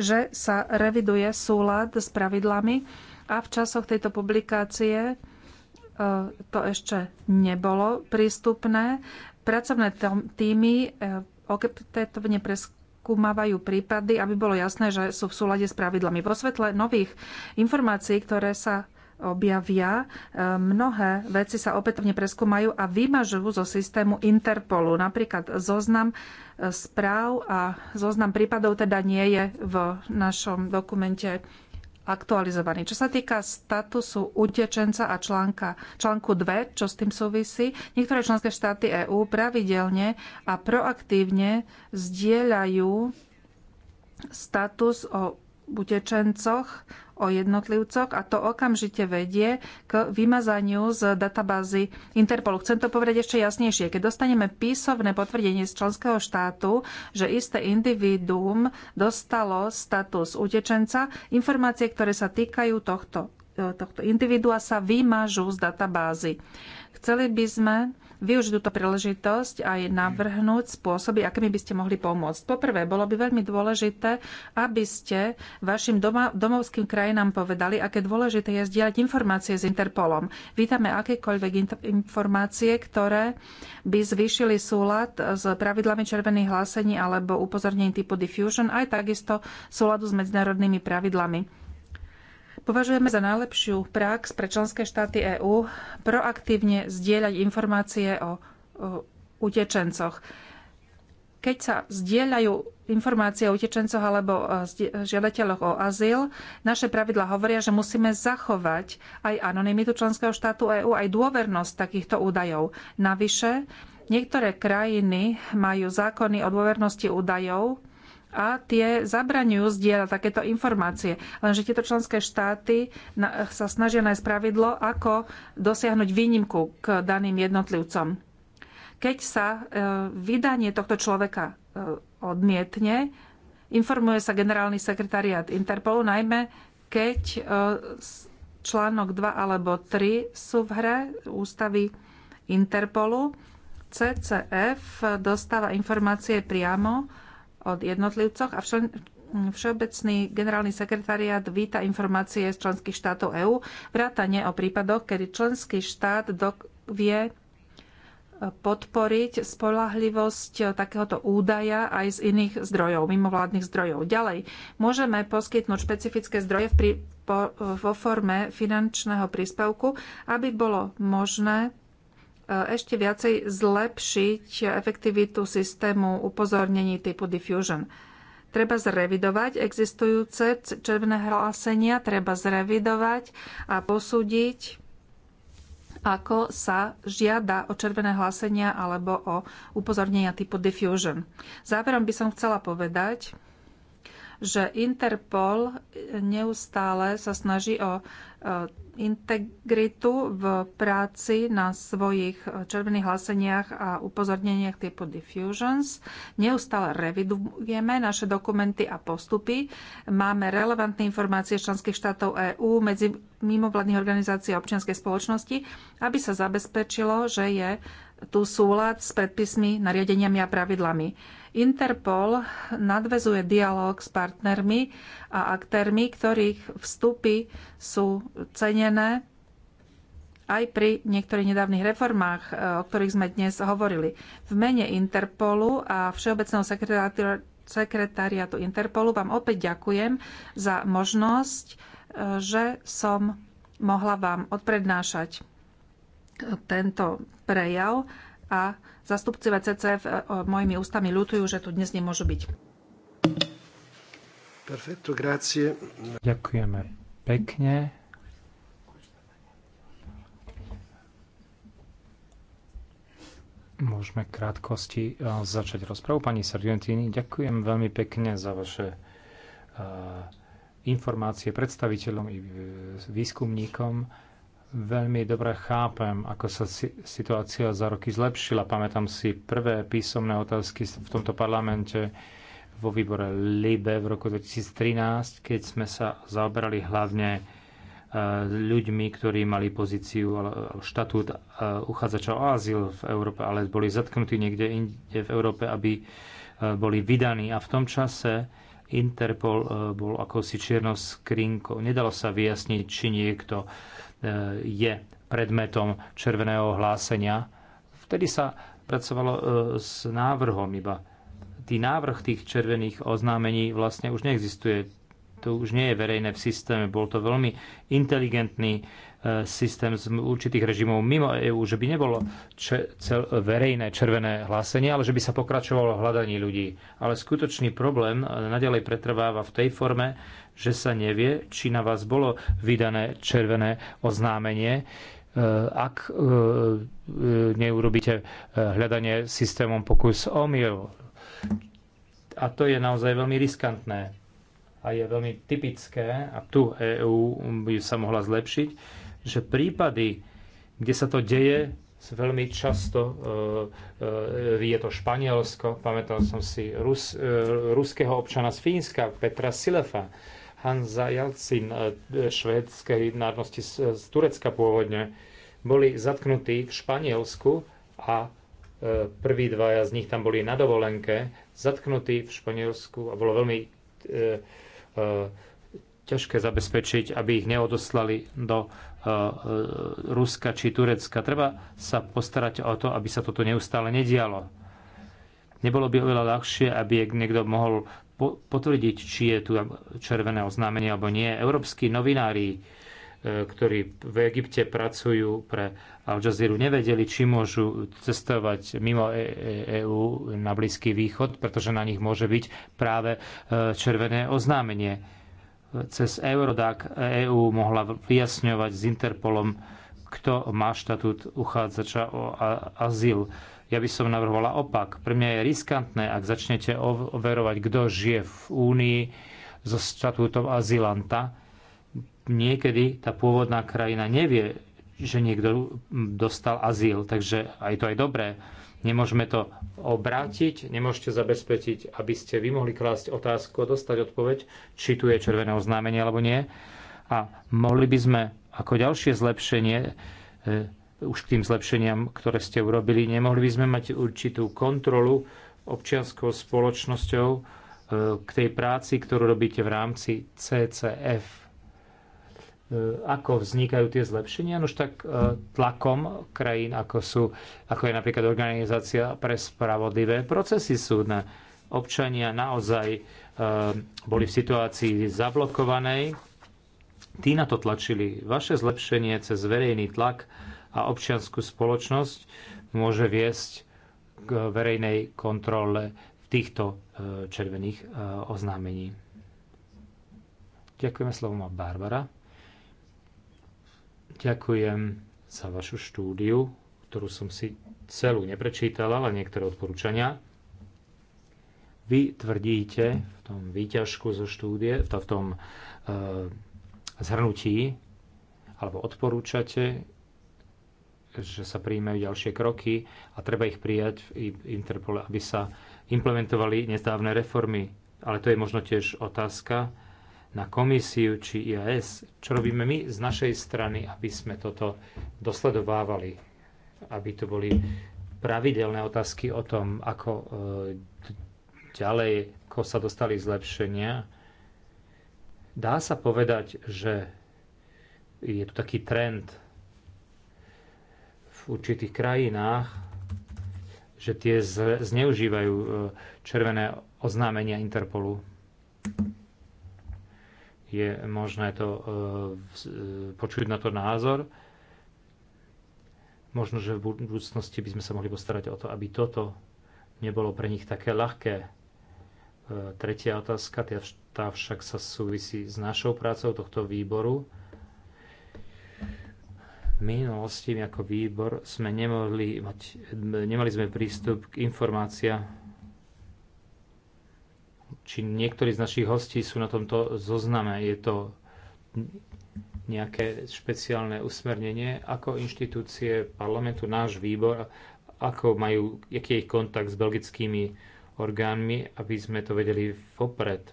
že sa reviduje súlad s pravidlami a v časoch tejto publikácie E, to ešte nebolo prístupné. Pracovné týmy e, opätovne preskúmavajú prípady, aby bolo jasné, že sú v súlade s pravidlami. Vo svetle nových informácií, ktoré sa objavia, e, mnohé veci sa opätovne preskúmajú a vymažujú zo systému Interpolu. Napríklad zoznam správ a zoznam prípadov teda nie je v našom dokumente aktualizovaný. Čo sa týka statusu utečenca a článka, článku 2, čo s tým súvisí, niektoré členské štáty EÚ pravidelne a proaktívne zdieľajú status o utečencoch o jednotlivcoch a to okamžite vedie k vymazaniu z databázy Interpolu. Chcem to povedať ešte jasnejšie. Keď dostaneme písovné potvrdenie z členského štátu, že isté individuum dostalo status utečenca, informácie, ktoré sa týkajú tohto, e, tohto individua sa vymažú z databázy. Chceli by sme využiť túto príležitosť aj navrhnúť spôsoby, akými by ste mohli pomôcť. Poprvé, bolo by veľmi dôležité, aby ste vašim doma, domovským krajinám povedali, aké dôležité je zdieľať informácie s Interpolom. Vítame akékoľvek informácie, ktoré by zvýšili súlad s pravidlami červených hlásení alebo upozornení typu diffusion, aj takisto súladu s medzinárodnými pravidlami Považujeme za najlepšiu prax pre členské štáty EÚ proaktívne zdieľať informácie o, o utečencoch. Keď sa zdieľajú informácie o utečencoch alebo e, žiadateľoch o azyl, naše pravidla hovoria, že musíme zachovať aj anonymitu členského štátu EÚ, aj dôvernosť takýchto údajov. Navyše, niektoré krajiny majú zákony o dôvernosti údajov, a tie zabraňujú zdieľať takéto informácie. Lenže tieto členské štáty sa snažia nájsť pravidlo, ako dosiahnuť výnimku k daným jednotlivcom. Keď sa e, vydanie tohto človeka e, odmietne, informuje sa generálny sekretariat Interpolu, najmä keď e, článok 2 alebo 3 sú v hre ústavy Interpolu. CCF dostáva informácie priamo od jednotlivcoch a všel, Všeobecný generálny sekretariat víta informácie z členských štátov EÚ, vrátane o prípadoch, kedy členský štát dok- vie e, podporiť spolahlivosť e, takéhoto údaja aj z iných zdrojov, mimovládnych zdrojov. Ďalej, môžeme poskytnúť špecifické zdroje v prí- po, vo forme finančného príspevku, aby bolo možné Eh, ešte viacej zlepšiť efektivitu systému upozornení typu diffusion. Treba zrevidovať existujúce červené hlásenia, treba zrevidovať a posúdiť, ako sa žiada o červené hlásenia alebo o upozornenia typu diffusion. Záverom by som chcela povedať, že Interpol neustále sa snaží o eh, integritu v práci na svojich červených hlaseniach a upozorneniach typu diffusions. Neustále revidujeme naše dokumenty a postupy. Máme relevantné informácie členských štátov EÚ medzi mimovládnych organizácií a občianskej spoločnosti, aby sa zabezpečilo, že je tu súlad s predpismi, nariadeniami a pravidlami Interpol nadvezuje dialog s partnermi a aktérmi, ktorých vstupy sú cenené aj pri niektorých nedávnych reformách, e, o ktorých sme dnes hovorili. V mene Interpolu a Všeobecného sekretariatu Interpolu vám opäť ďakujem za možnosť, e, že som mohla vám odprednášať tento prejav a Zastupcovia CCF e, mojimi ústami ľutujú, že tu dnes nemôžu byť. Perfetto, grazie. Ďakujeme pekne. Môžeme krátkosti e, začať rozpravu. Pani Sargentini, ďakujem veľmi pekne za vaše e, informácie predstaviteľom i výskumníkom veľmi dobre chápem, ako sa situácia za roky zlepšila. Pamätám si prvé písomné otázky v tomto parlamente vo výbore LIBE v roku 2013, keď sme sa zaoberali hlavne e, ľuďmi, ktorí mali pozíciu, štatút e, uchádzača o azyl v Európe, ale boli zatknutí niekde inde v Európe, aby e, boli vydaní. A v tom čase Interpol bol akousi čiernou skrinkou. Nedalo sa vyjasniť, či niekto E, je predmetom červeného hlásenia. Vtedy sa pracovalo e, s návrhom iba. Tý návrh tých červených oznámení vlastne už neexistuje. To už nie je verejné v systéme. Bol to veľmi inteligentný systém z určitých režimov mimo EÚ, že by nebolo če, cel, verejné červené hlásenie, ale že by sa pokračovalo v hľadaní ľudí. Ale skutočný problém eh, nadalej pretrváva v tej forme, že sa nevie, či na vás bolo vydané červené oznámenie, eh, ak eh, neurobíte hľadanie systémom pokus omyl. A to je naozaj veľmi riskantné a je veľmi typické, a tu EÚ by sa mohla zlepšiť, že prípady, kde sa to deje, veľmi často e, e, je to Španielsko. Pamätal som si Rus, e, ruského občana z Fínska, Petra Silefa, Hanza Jalcin, švédskej národnosti z, z Turecka pôvodne, boli zatknutí v Španielsku a prví dvaja z nich tam boli na dovolenke, zatknutí v Španielsku a bolo veľmi e, e, ťažké zabezpečiť, aby ich neodoslali do E, Ruska či Turecka. Treba sa postarať o to, aby sa toto neustále nedialo. Nebolo by oveľa ľahšie, aby niekto mohol potvrdiť, či je tu červené oznámenie alebo nie. Európsky novinári, e, ktorí v Egypte pracujú pre Al Jazeera, nevedeli, či môžu cestovať mimo EÚ e-, na Blízky východ, pretože na nich môže byť práve červené oznámenie cez Eurodac EÚ EU mohla vyjasňovať s Interpolom, kto má štatút uchádzača o azyl. Ja by som navrhovala opak. Pre mňa je riskantné, ak začnete overovať, kto žije v Únii so štatútom azylanta. Niekedy tá pôvodná krajina nevie, že niekto dostal azyl, takže aj to aj dobré Nemôžeme to obrátiť, nemôžete zabezpečiť, aby ste vy mohli klásť otázku a dostať odpoveď, či tu je červené oznámenie alebo nie. A mohli by sme ako ďalšie zlepšenie, e, už k tým zlepšeniam, ktoré ste urobili, nemohli by sme mať určitú kontrolu občianskou spoločnosťou e, k tej práci, ktorú robíte v rámci CCF E, ako vznikajú tie zlepšenia? Nož tak e, tlakom krajín, ako, sú, ako je napríklad Organizácia pre spravodlivé procesy súdne. Občania naozaj e, boli v situácii zablokovanej. Tí na to tlačili. Vaše zlepšenie cez verejný tlak a občianskú spoločnosť môže viesť k verejnej kontrole v týchto červených oznámení. Ďakujeme slovo má Barbara. Ďakujem za vašu štúdiu, ktorú som si celú neprečítala, ale niektoré odporúčania. Vy tvrdíte v tom výťažku zo štúdie, v tom e, zhrnutí, alebo odporúčate, že sa príjmajú ďalšie kroky a treba ich prijať v Interpole, aby sa implementovali nedávne reformy. Ale to je možno tiež otázka, na komisiu či IAS, čo robíme my z našej strany, aby sme toto dosledovávali, aby to boli pravidelné otázky o tom, ako e, ďalej, ako sa dostali zlepšenia. Dá sa povedať, že je tu taký trend v určitých krajinách, že tie zneužívajú e, červené oznámenia Interpolu je možné to e, e, počuť na to názor. Možno, že v budúcnosti by sme sa mohli postarať o to, aby toto nebolo pre nich také ľahké. E, tretia otázka, tá však sa súvisí s našou prácou tohto výboru. V minulosti ako výbor sme nemohli mať, nemali sme prístup k informáciám či niektorí z našich hostí sú na tomto zozname. Je to nejaké špeciálne usmernenie, ako inštitúcie parlamentu, náš výbor, ako majú, aký je ich kontakt s belgickými orgánmi, aby sme to vedeli vopred,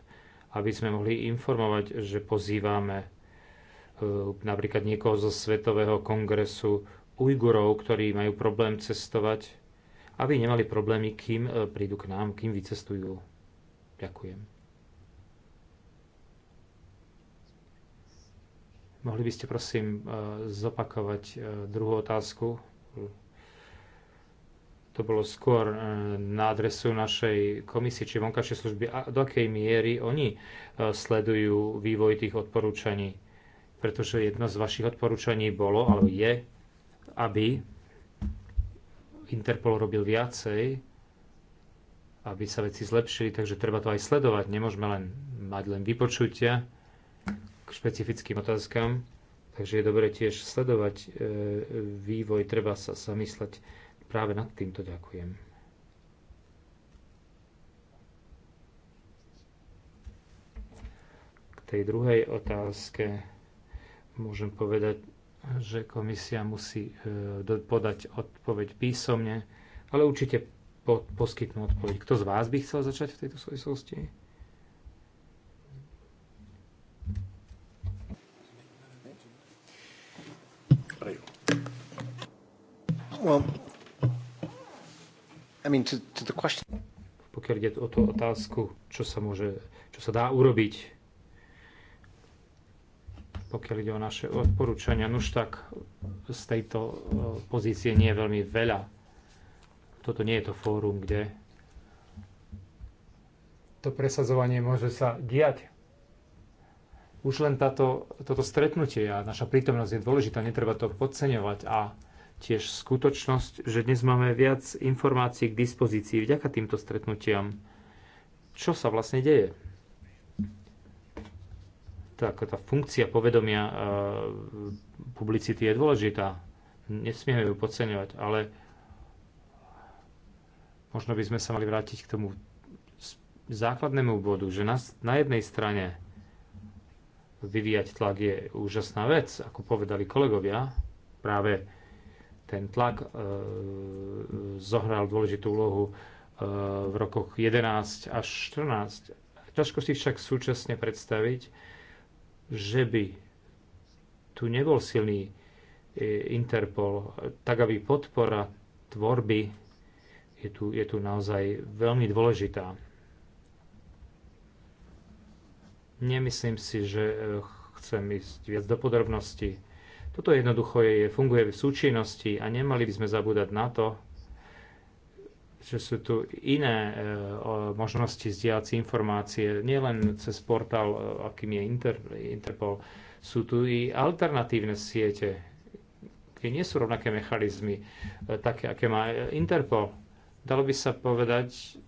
aby sme mohli informovať, že pozývame e, napríklad niekoho zo Svetového kongresu Ujgurov, ktorí majú problém cestovať, aby nemali problémy, kým e, prídu k nám, kým vycestujú. Ďakujem. Mohli by ste prosím eh, zopakovať eh, druhú otázku? To bolo skôr eh, na adresu našej komisie či vonkajšej služby. A do akej miery oni sledujú vývoj tých odporúčaní? Pretože jedno z vašich odporúčaní bolo, alebo je, aby Interpol robil viacej aby sa veci zlepšili, takže treba to aj sledovať. Nemôžeme len mať len vypočutia k špecifickým otázkam, takže je dobre tiež sledovať e, vývoj, treba sa zamysleť práve nad týmto. Ďakujem. K tej druhej otázke môžem povedať, že komisia musí e, podať odpoveď písomne, ale určite po, poskytnú odpoveď. Kto z vás by chcel začať v tejto súvislosti? Well, I mean, to, to the question... Pokiaľ ide o tú otázku, čo sa, môže, čo sa dá urobiť, pokiaľ ide o naše odporúčania, nuž tak z tejto eh, pozície nie je veľmi veľa toto nie je to fórum, kde to presadzovanie môže sa diať. Už len táto, toto stretnutie a naša prítomnosť je dôležitá, netreba to podceňovať a tiež skutočnosť, že dnes máme viac informácií k dispozícii vďaka týmto stretnutiam. Čo sa vlastne deje? Tak, tá funkcia povedomia e, publicity je dôležitá. Nesmieme ju podceňovať, ale Možno by sme sa mali vrátiť k tomu základnému bodu, že na, na jednej strane vyvíjať tlak je úžasná vec, ako povedali kolegovia. Práve ten tlak e, zohral dôležitú úlohu e, v rokoch 11 až 14. Ťažko si však súčasne predstaviť, že by tu nebol silný e, Interpol, tak aby podpora tvorby je tu, je tu naozaj veľmi dôležitá. Nemyslím si, že e, chcem ísť viac do podrobností. Toto jednoducho je, funguje v súčinnosti a nemali by sme zabúdať na to, že sú tu iné e, možnosti zdieľať si informácie, nielen cez portál, e, akým je Inter, Interpol. Sú tu i alternatívne siete, kde nie sú rovnaké mechanizmy, e, také, aké má Interpol. Dalo by sa povedať,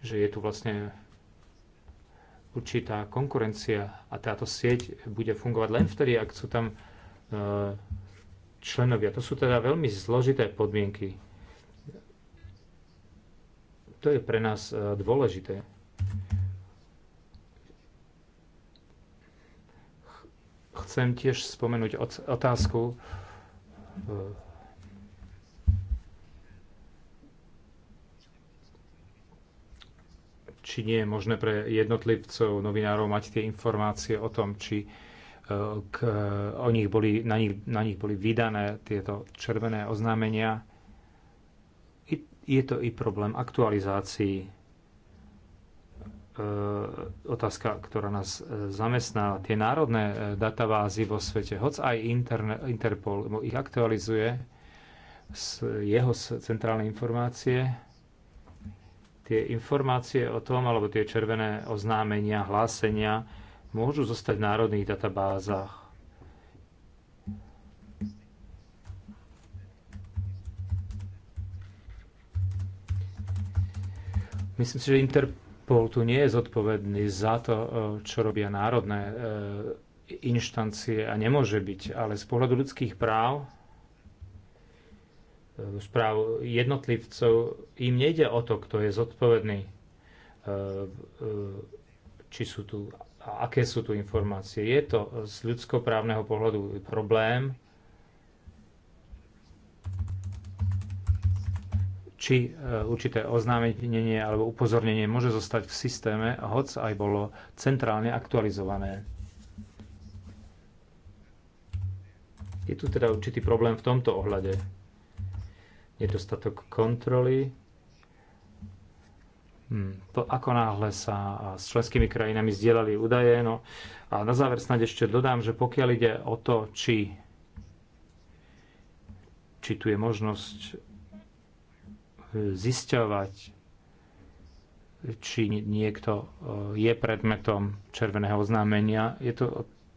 že je tu vlastne určitá konkurencia a táto sieť bude fungovať len vtedy, ak sú tam e, členovia. To sú teda veľmi zložité podmienky. To je pre nás e, dôležité. Chcem tiež spomenúť otázku e, či nie je možné pre jednotlivcov, novinárov mať tie informácie o tom, či e, k, o nich boli, na, nich, na nich boli vydané tieto červené oznámenia. I, je to i problém aktualizácií. E, otázka, ktorá nás e, zamestná. Tie národné e, databázy vo svete, hoc aj interne, Interpol ich aktualizuje z jeho centrálne informácie, Tie informácie o tom, alebo tie červené oznámenia, hlásenia, môžu zostať v národných databázach. Myslím si, že Interpol tu nie je zodpovedný za to, e, čo robia národné e, inštancie a nemôže byť, ale z pohľadu ľudských práv E, správ jednotlivcov, im nejde o to, kto je zodpovedný, e, e, či sú tu, aké sú tu informácie. Je to z ľudskoprávneho pohľadu problém, či určité oznámenie alebo upozornenie môže zostať v systéme, hoc aj bolo centrálne aktualizované. Je tu teda určitý problém v tomto ohľade nedostatok kontroly. Hmm. To, ako náhle sa s členskými krajinami zdieľali údaje. No. A na záver snad ešte dodám, že pokiaľ ide o to, či, či tu je možnosť e, zisťovať, či niekto e, je predmetom červeného oznámenia, je to,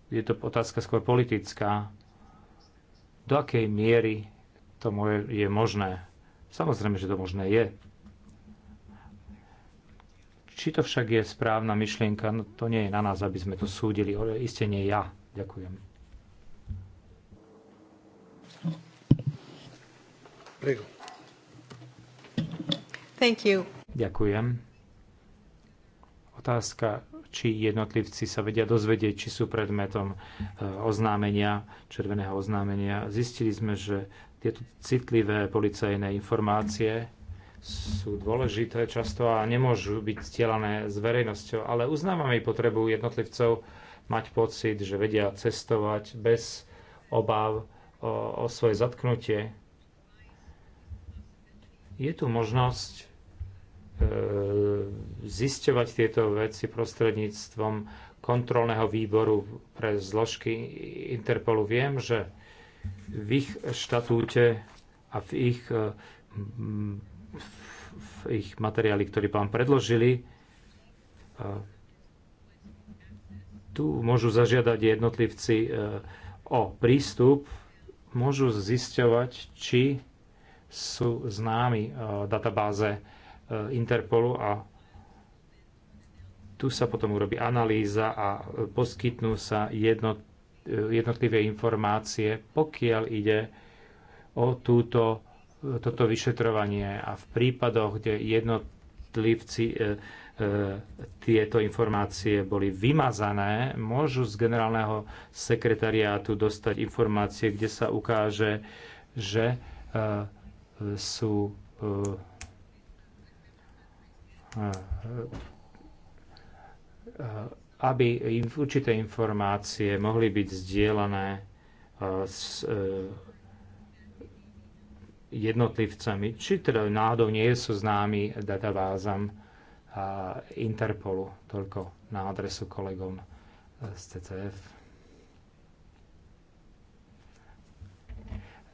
je to otázka skôr politická. Do akej miery tomu je, je možné. Samozrejme, že to možné je. Či to však je správna myšlienka, no to nie je na nás, aby sme to súdili. Ale iste nie ja. Ďakujem. Thank you. Ďakujem. Otázka, či jednotlivci sa vedia dozvedieť, či sú predmetom e, oznámenia, červeného oznámenia. Zistili sme, že tieto citlivé policajné informácie sú dôležité často a nemôžu byť stielané s verejnosťou, ale uznávame i potrebu jednotlivcov mať pocit, že vedia cestovať bez obáv o, o svoje zatknutie. Je tu možnosť e, zisťovať tieto veci prostredníctvom kontrolného výboru pre zložky Interpolu. Viem, že v ich štatúte a v ich, eh, v ich materiáli, ktorý vám predložili, eh, tu môžu zažiadať jednotlivci eh, o prístup, môžu zisťovať, či sú známi databáze Interpolu a tu sa potom urobí analýza a poskytnú sa jednot, jednotlivé informácie, pokiaľ ide o túto, toto vyšetrovanie a v prípadoch, kde jednotlivci e, e, tieto informácie boli vymazané, môžu z generálneho sekretariátu dostať informácie, kde sa ukáže, že e, sú e, aby určité informácie mohli byť zdieľané e, s e, jednotlivcami, či teda náhodou nie sú známi databázam e, Interpolu. Toľko na adresu kolegom z CCF.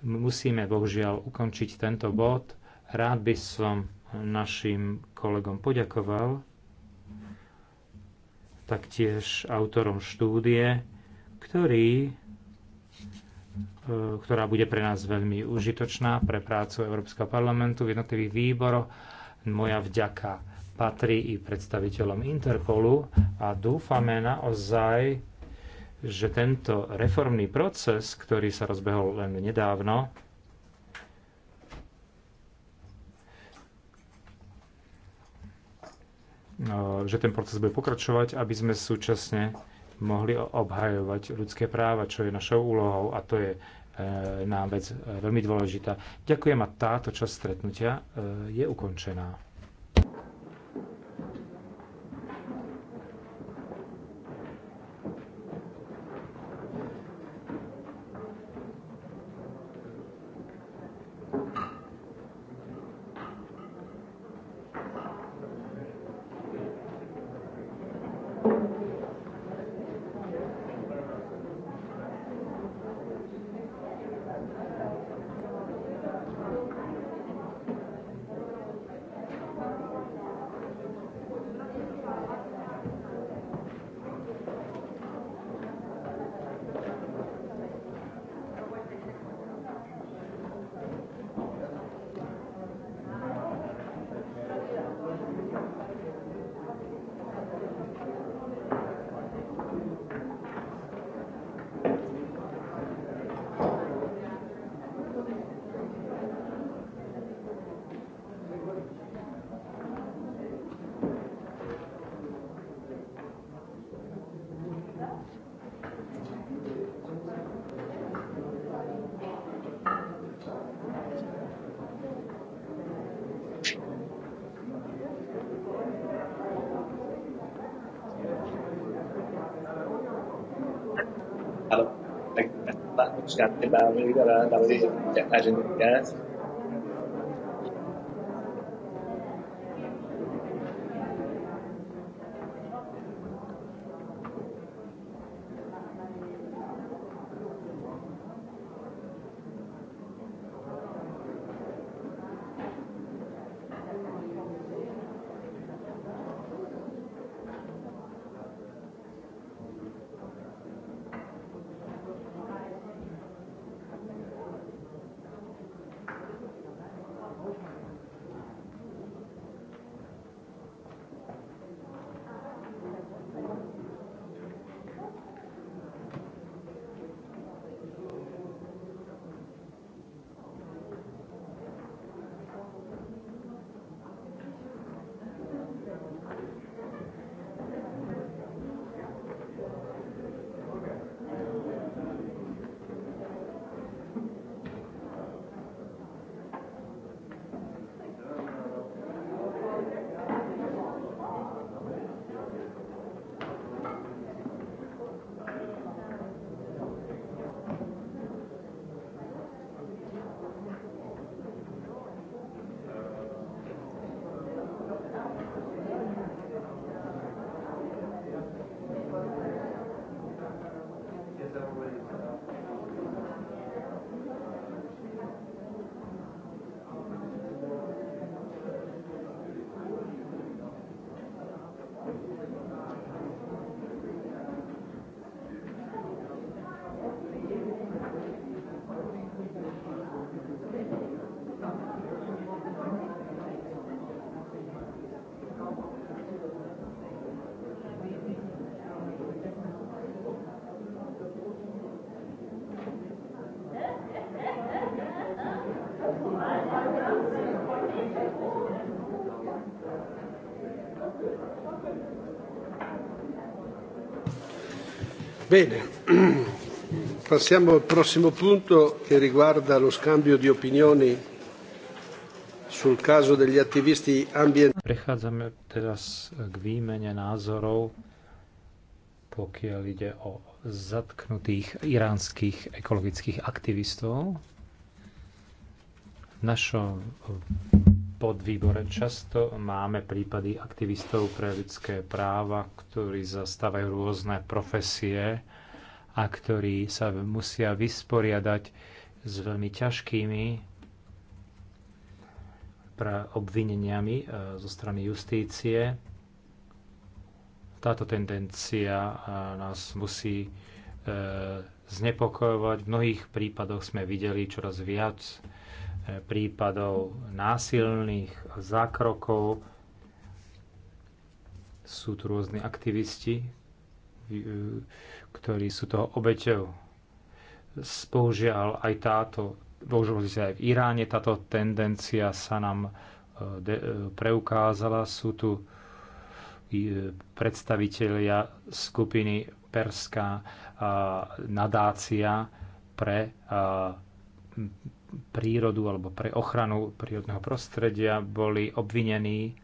Musíme bohužiaľ ukončiť tento bod. Rád by som našim kolegom poďakoval taktiež autorom štúdie, ktorý, e, ktorá bude pre nás veľmi užitočná pre prácu Európskeho parlamentu v jednotlivých výboroch. Moja vďaka patrí i predstaviteľom Interpolu a dúfame naozaj, že tento reformný proces, ktorý sa rozbehol len nedávno, Eh, že ten proces bude pokračovať, aby sme súčasne mohli obhajovať ľudské práva, čo je našou úlohou a to je eh, nám vec eh, veľmi dôležitá. Ďakujem a táto časť stretnutia je ukončená. 使って番組が学んだのであるのだ Bene, passiamo al prossimo punto che riguarda lo scambio di opinioni sul caso degli attivisti ambientali. Prechádzame teraz k výmene názorov, pokiaľ ide o zatknutých iránskych ekologických aktivistov. V našom podvýbore často máme prípady aktivistov pre ľudské práva, ktorí zastávajú rôzne profesie a ktorí sa musia vysporiadať s veľmi ťažkými obvineniami eh, zo strany justície. Táto tendencia eh, nás musí eh, znepokojovať. V mnohých prípadoch sme videli čoraz viac prípadov násilných zákrokov. Sú tu rôzni aktivisti, e, ktorí sú toho obeťou. Spoužiaľ aj táto, bohužiaľ sa aj v Iráne táto tendencia sa nám e, e, preukázala. Sú tu predstavitelia skupiny Perská nadácia pre prírodu alebo pre ochranu prírodného prostredia boli obvinení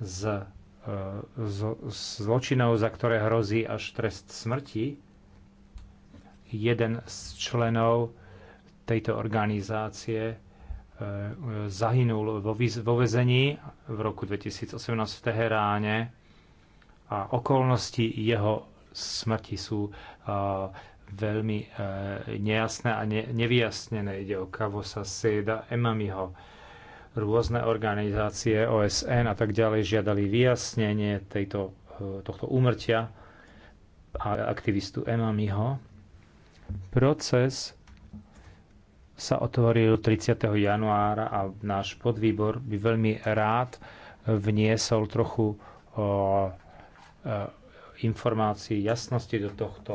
z, e, z, z zločinov, za ktoré hrozí až trest smrti. Jeden z členov tejto organizácie e, zahynul vo, vo vezení v roku 2018 v Teheráne a okolnosti jeho smrti sú e, veľmi e, nejasné a ne, nevyjasnené. Ide o Kavosa, Seda, Emamiho. Rôzne organizácie OSN a tak ďalej žiadali vyjasnenie tejto, e, tohto úmrtia a aktivistu Emamiho. Proces sa otvoril 30. januára a náš podvýbor by veľmi rád vniesol trochu o, o, e, informácií, jasnosti do tohto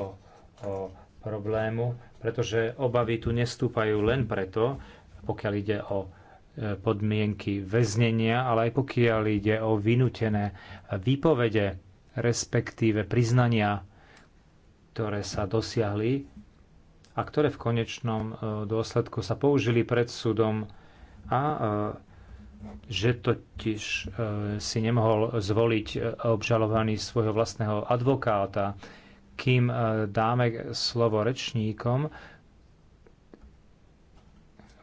o, problému, pretože obavy tu nestúpajú len preto, pokiaľ ide o e, podmienky väznenia, ale aj pokiaľ ide o vynútené výpovede, respektíve priznania, ktoré sa dosiahli a ktoré v konečnom e, dôsledku sa použili pred súdom a e, že totiž si nemohol zvoliť obžalovaný svojho vlastného advokáta, kým e, dáme slovo rečníkom,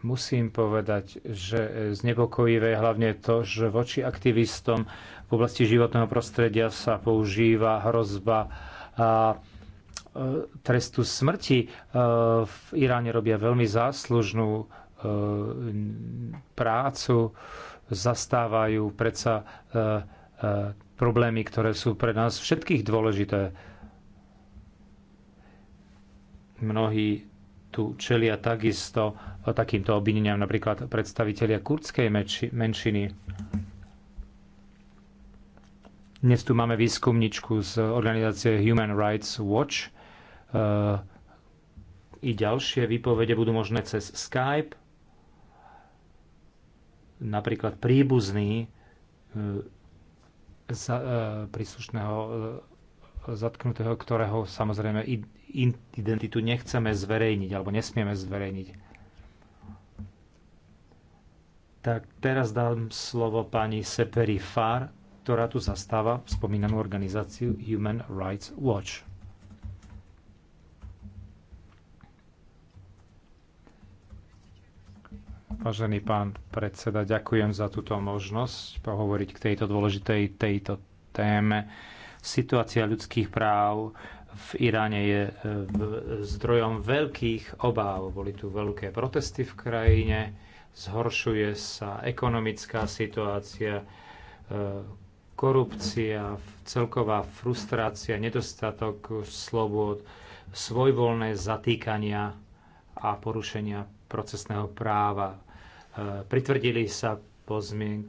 musím povedať, že e, znepokojivé je hlavne to, že voči aktivistom v oblasti životného prostredia sa používa hrozba a e, trestu smrti. V Iráne robia veľmi záslužnú prácu, zastávajú predsa problémy, ktoré sú pre nás všetkých dôležité Mnohí tu čelia takisto takýmto obvineniam, napríklad predstavitelia kurdskej menšiny. Dnes tu máme výskumničku z organizácie Human Rights Watch. E, I ďalšie výpovede budú možné cez Skype. Napríklad príbuzný e, za, e, príslušného zatknutého, ktorého samozrejme identitu nechceme zverejniť alebo nesmieme zverejniť. Tak teraz dám slovo pani Seperi Far, ktorá tu zastáva spomínanú organizáciu Human Rights Watch. Vážený pán predseda, ďakujem za túto možnosť pohovoriť k tejto dôležitej tejto téme Situácia ľudských práv v Iráne je e, zdrojom veľkých obáv. Boli tu veľké protesty v krajine, zhoršuje sa ekonomická situácia, e, korupcia, celková frustrácia, nedostatok slobod, svojvoľné zatýkania a porušenia procesného práva. E, pritvrdili sa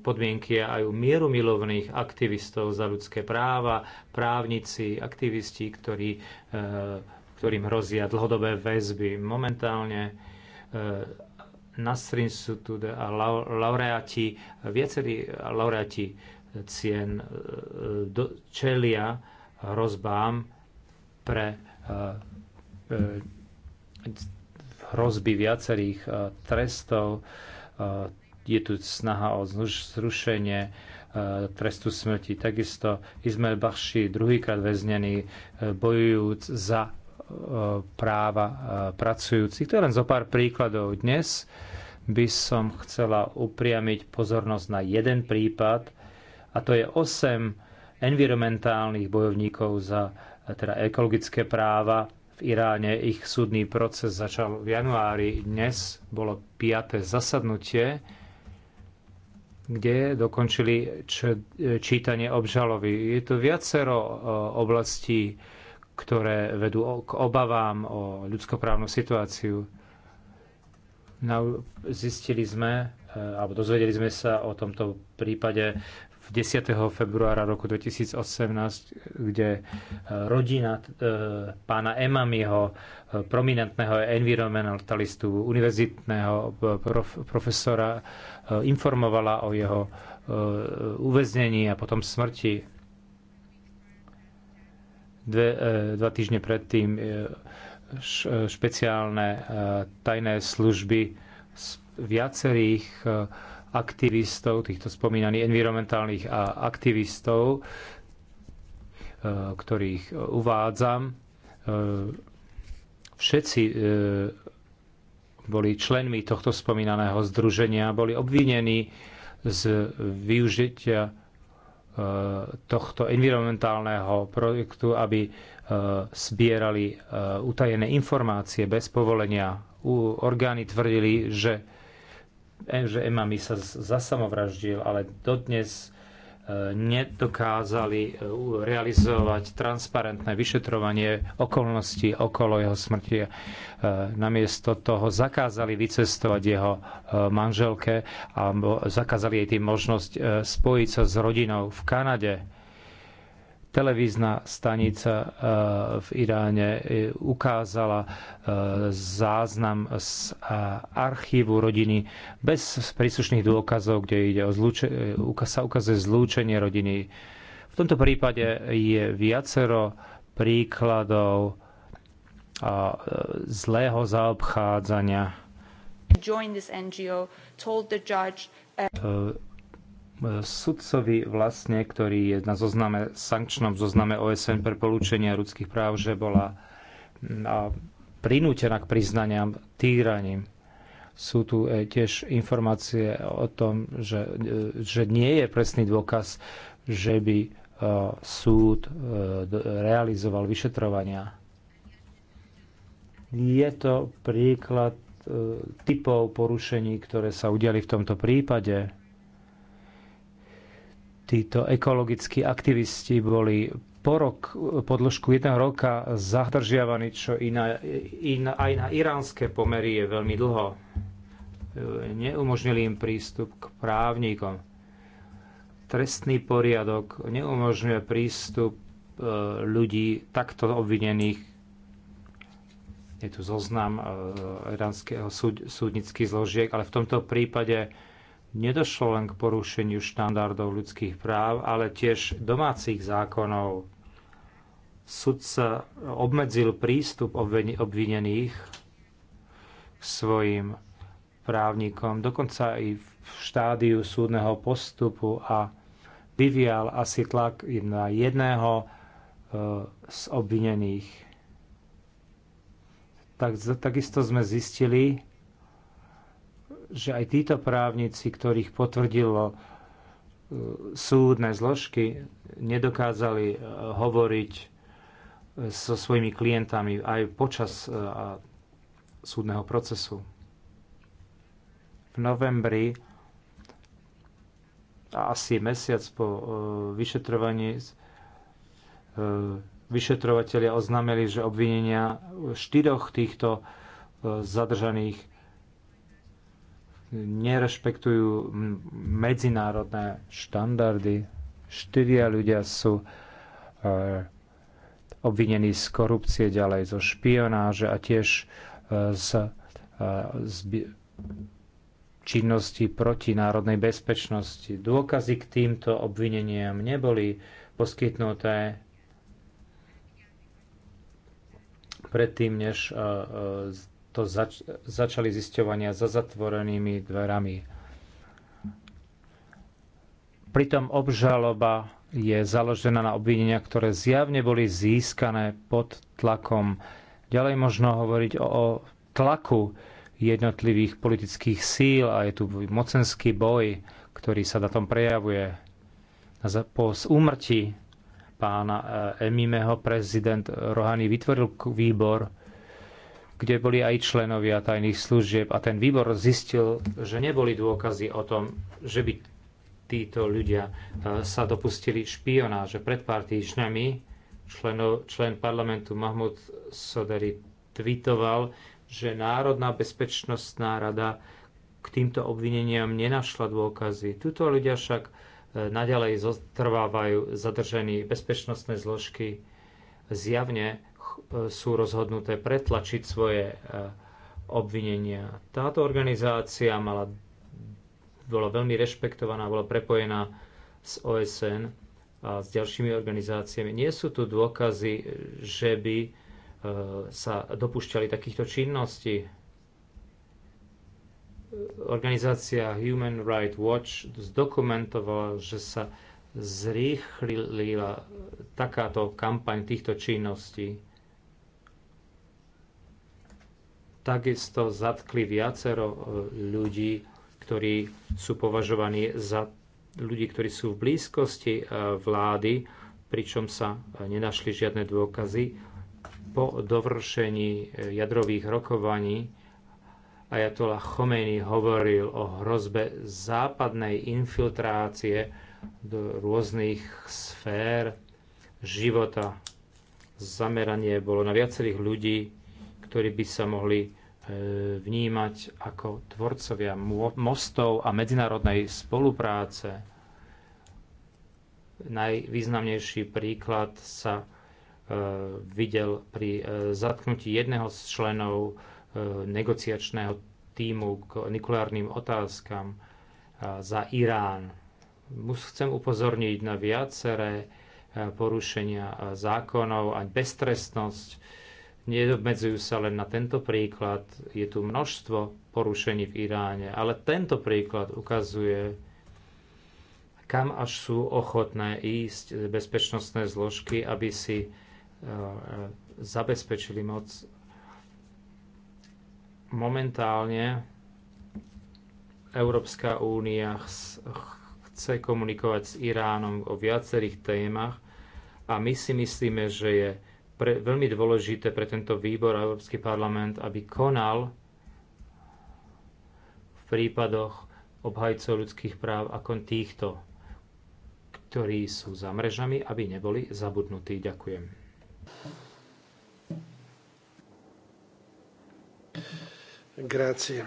podmienky a aj mierumilovných aktivistov za ľudské práva, právnici, aktivisti, ktorí, eh, ktorým hrozia dlhodobé väzby. Momentálne eh, Nasrin Sutude a laureáti, viacerí laureáti cien eh, čelia hrozbám pre hrozby viacerých trestov je tu snaha o zrušenie e, trestu smrti. Takisto Izmael Bachši, druhýkrát väznený, e, bojujúc za e, práva pracujúcich. To je len zo pár príkladov. Dnes by som chcela upriamiť pozornosť na jeden prípad, a to je 8 environmentálnych bojovníkov za teda ekologické práva v Iráne. Ich súdny proces začal v januári. Dnes bolo 5. zasadnutie kde dokončili čítanie obžalovy. Je to viacero e, oblastí, ktoré vedú k obavám o ľudskoprávnu situáciu. Zistili sme, e, alebo dozvedeli sme sa o tomto prípade 10. februára roku 2018, kde e, rodina e, pána Emamiho, e, prominentného environmentalistu, univerzitného prof, profesora, informovala o jeho uväznení a potom smrti. Dve, dva týždne predtým špeciálne tajné služby z viacerých aktivistov, týchto spomínaných environmentálnych aktivistov, e, ktorých uvádzam. E, všetci e, boli členmi tohto spomínaného združenia, boli obvinení z využitia tohto environmentálneho projektu, aby zbierali utajené informácie bez povolenia. Orgány tvrdili, že že Emami sa zasamovraždil, ale dodnes e, nedokázali e, realizovať transparentné vyšetrovanie okolností okolo jeho smrti. E, namiesto toho zakázali vycestovať jeho manželke a zakázali jej tým možnosť spojiť sa s rodinou v Kanade televízna stanica e, v Iráne e, ukázala e, záznam z archívu rodiny bez príslušných dôkazov, kde ide o zlúče, sa ukazuje zlúčenie rodiny. V tomto prípade je viacero príkladov zlého zaobchádzania. this NGO, told the judge, uh sudcovi vlastne, ktorý je na zozname, sankčnom zozname OSN pre polúčenie ľudských práv, že bola prinútená k priznaniam týraním. Sú tu e, tiež informácie o tom, že, e, že nie je presný dôkaz, že by e, súd realizoval vyšetrovania. Je to príklad typov porušení, ktoré sa udiali v tomto prípade títo ekologickí aktivisti boli po rok, po dĺžku jedného roka zadržiavaní, čo i na, i na, aj na iránske pomery je veľmi dlho. E, neumožnili im prístup k právnikom. Trestný poriadok neumožňuje prístup e, ľudí takto obvinených. Je tu zoznam e, iránskeho súd, súdnických zložiek, ale v tomto prípade nedošlo len k porušeniu štandardov ľudských práv, ale tiež domácich zákonov. Sud sa obmedzil prístup obvinených k svojim právnikom, dokonca i v štádiu súdneho postupu a vyvíjal asi tlak na jedného e, z obvinených. Tak, takisto sme zistili, že aj títo právnici, ktorých potvrdilo e, súdne zložky, nedokázali e, hovoriť e, so svojimi klientami aj počas súdneho procesu. V novembri asi mesiac po vyšetrovaní vyšetrovateľia oznámili, že obvinenia štyroch týchto zadržaných nerešpektujú medzinárodné štandardy. Štyria ľudia sú eh, obvinení z korupcie, ďalej zo špionáže a tiež eh, z, eh, z činnosti proti národnej bezpečnosti. Dôkazy k týmto obvineniam neboli poskytnuté predtým, než to zač- začali zisťovania za zatvorenými dverami. Pritom obžaloba je založená na obvinenia, ktoré zjavne boli získané pod tlakom. Ďalej možno hovoriť o, o tlaku jednotlivých politických síl a je tu mocenský boj, ktorý sa na tom prejavuje. Po úmrtí pána e, Emimeho prezident Rohany vytvoril výbor, kde boli aj členovia tajných služieb a ten výbor zistil, že neboli dôkazy o tom, že by títo ľudia e, sa dopustili špionáže. Pred pár týždňami členo, člen parlamentu Mahmud Soderi tweetoval, že Národná bezpečnostná rada k týmto obvineniam nenašla dôkazy. Tuto ľudia však e, naďalej zotrvávajú zadržení bezpečnostné zložky zjavne E, sú rozhodnuté pretlačiť svoje e, obvinenia. Táto organizácia mala, bola veľmi rešpektovaná, bola prepojená s OSN a s ďalšími organizáciami. Nie sú tu dôkazy, že by e, sa dopúšťali takýchto činností. Organizácia Human Rights Watch zdokumentovala, že sa zrýchlila takáto kampaň týchto činností takisto zatkli viacero e, ľudí, ktorí sú považovaní za ľudí, ktorí sú v blízkosti e, vlády, pričom sa e, nenašli žiadne dôkazy. Po dovršení jadrových rokovaní Ajatola Chomeny hovoril o hrozbe západnej infiltrácie do rôznych sfér života. Zameranie bolo na viacerých ľudí, ktorí by sa mohli e, vnímať ako tvorcovia mostov a medzinárodnej spolupráce. Najvýznamnejší príklad sa e, videl pri e, zatknutí jedného z členov negociačného týmu k nukleárnym otázkam za Irán. Chcem upozorniť na viaceré porušenia zákonov a beztrestnosť, Nedobmedzujú sa len na tento príklad, je tu množstvo porušení v Iráne, ale tento príklad ukazuje, kam až sú ochotné ísť bezpečnostné zložky, aby si e, zabezpečili moc. Momentálne Európska únia chce komunikovať s Iránom o viacerých témach a my si myslíme, že je pre, veľmi dôležité pre tento výbor a Európsky parlament, aby konal v prípadoch obhajcov ľudských práv ako týchto, ktorí sú za mrežami, aby neboli zabudnutí. Ďakujem. Grazie.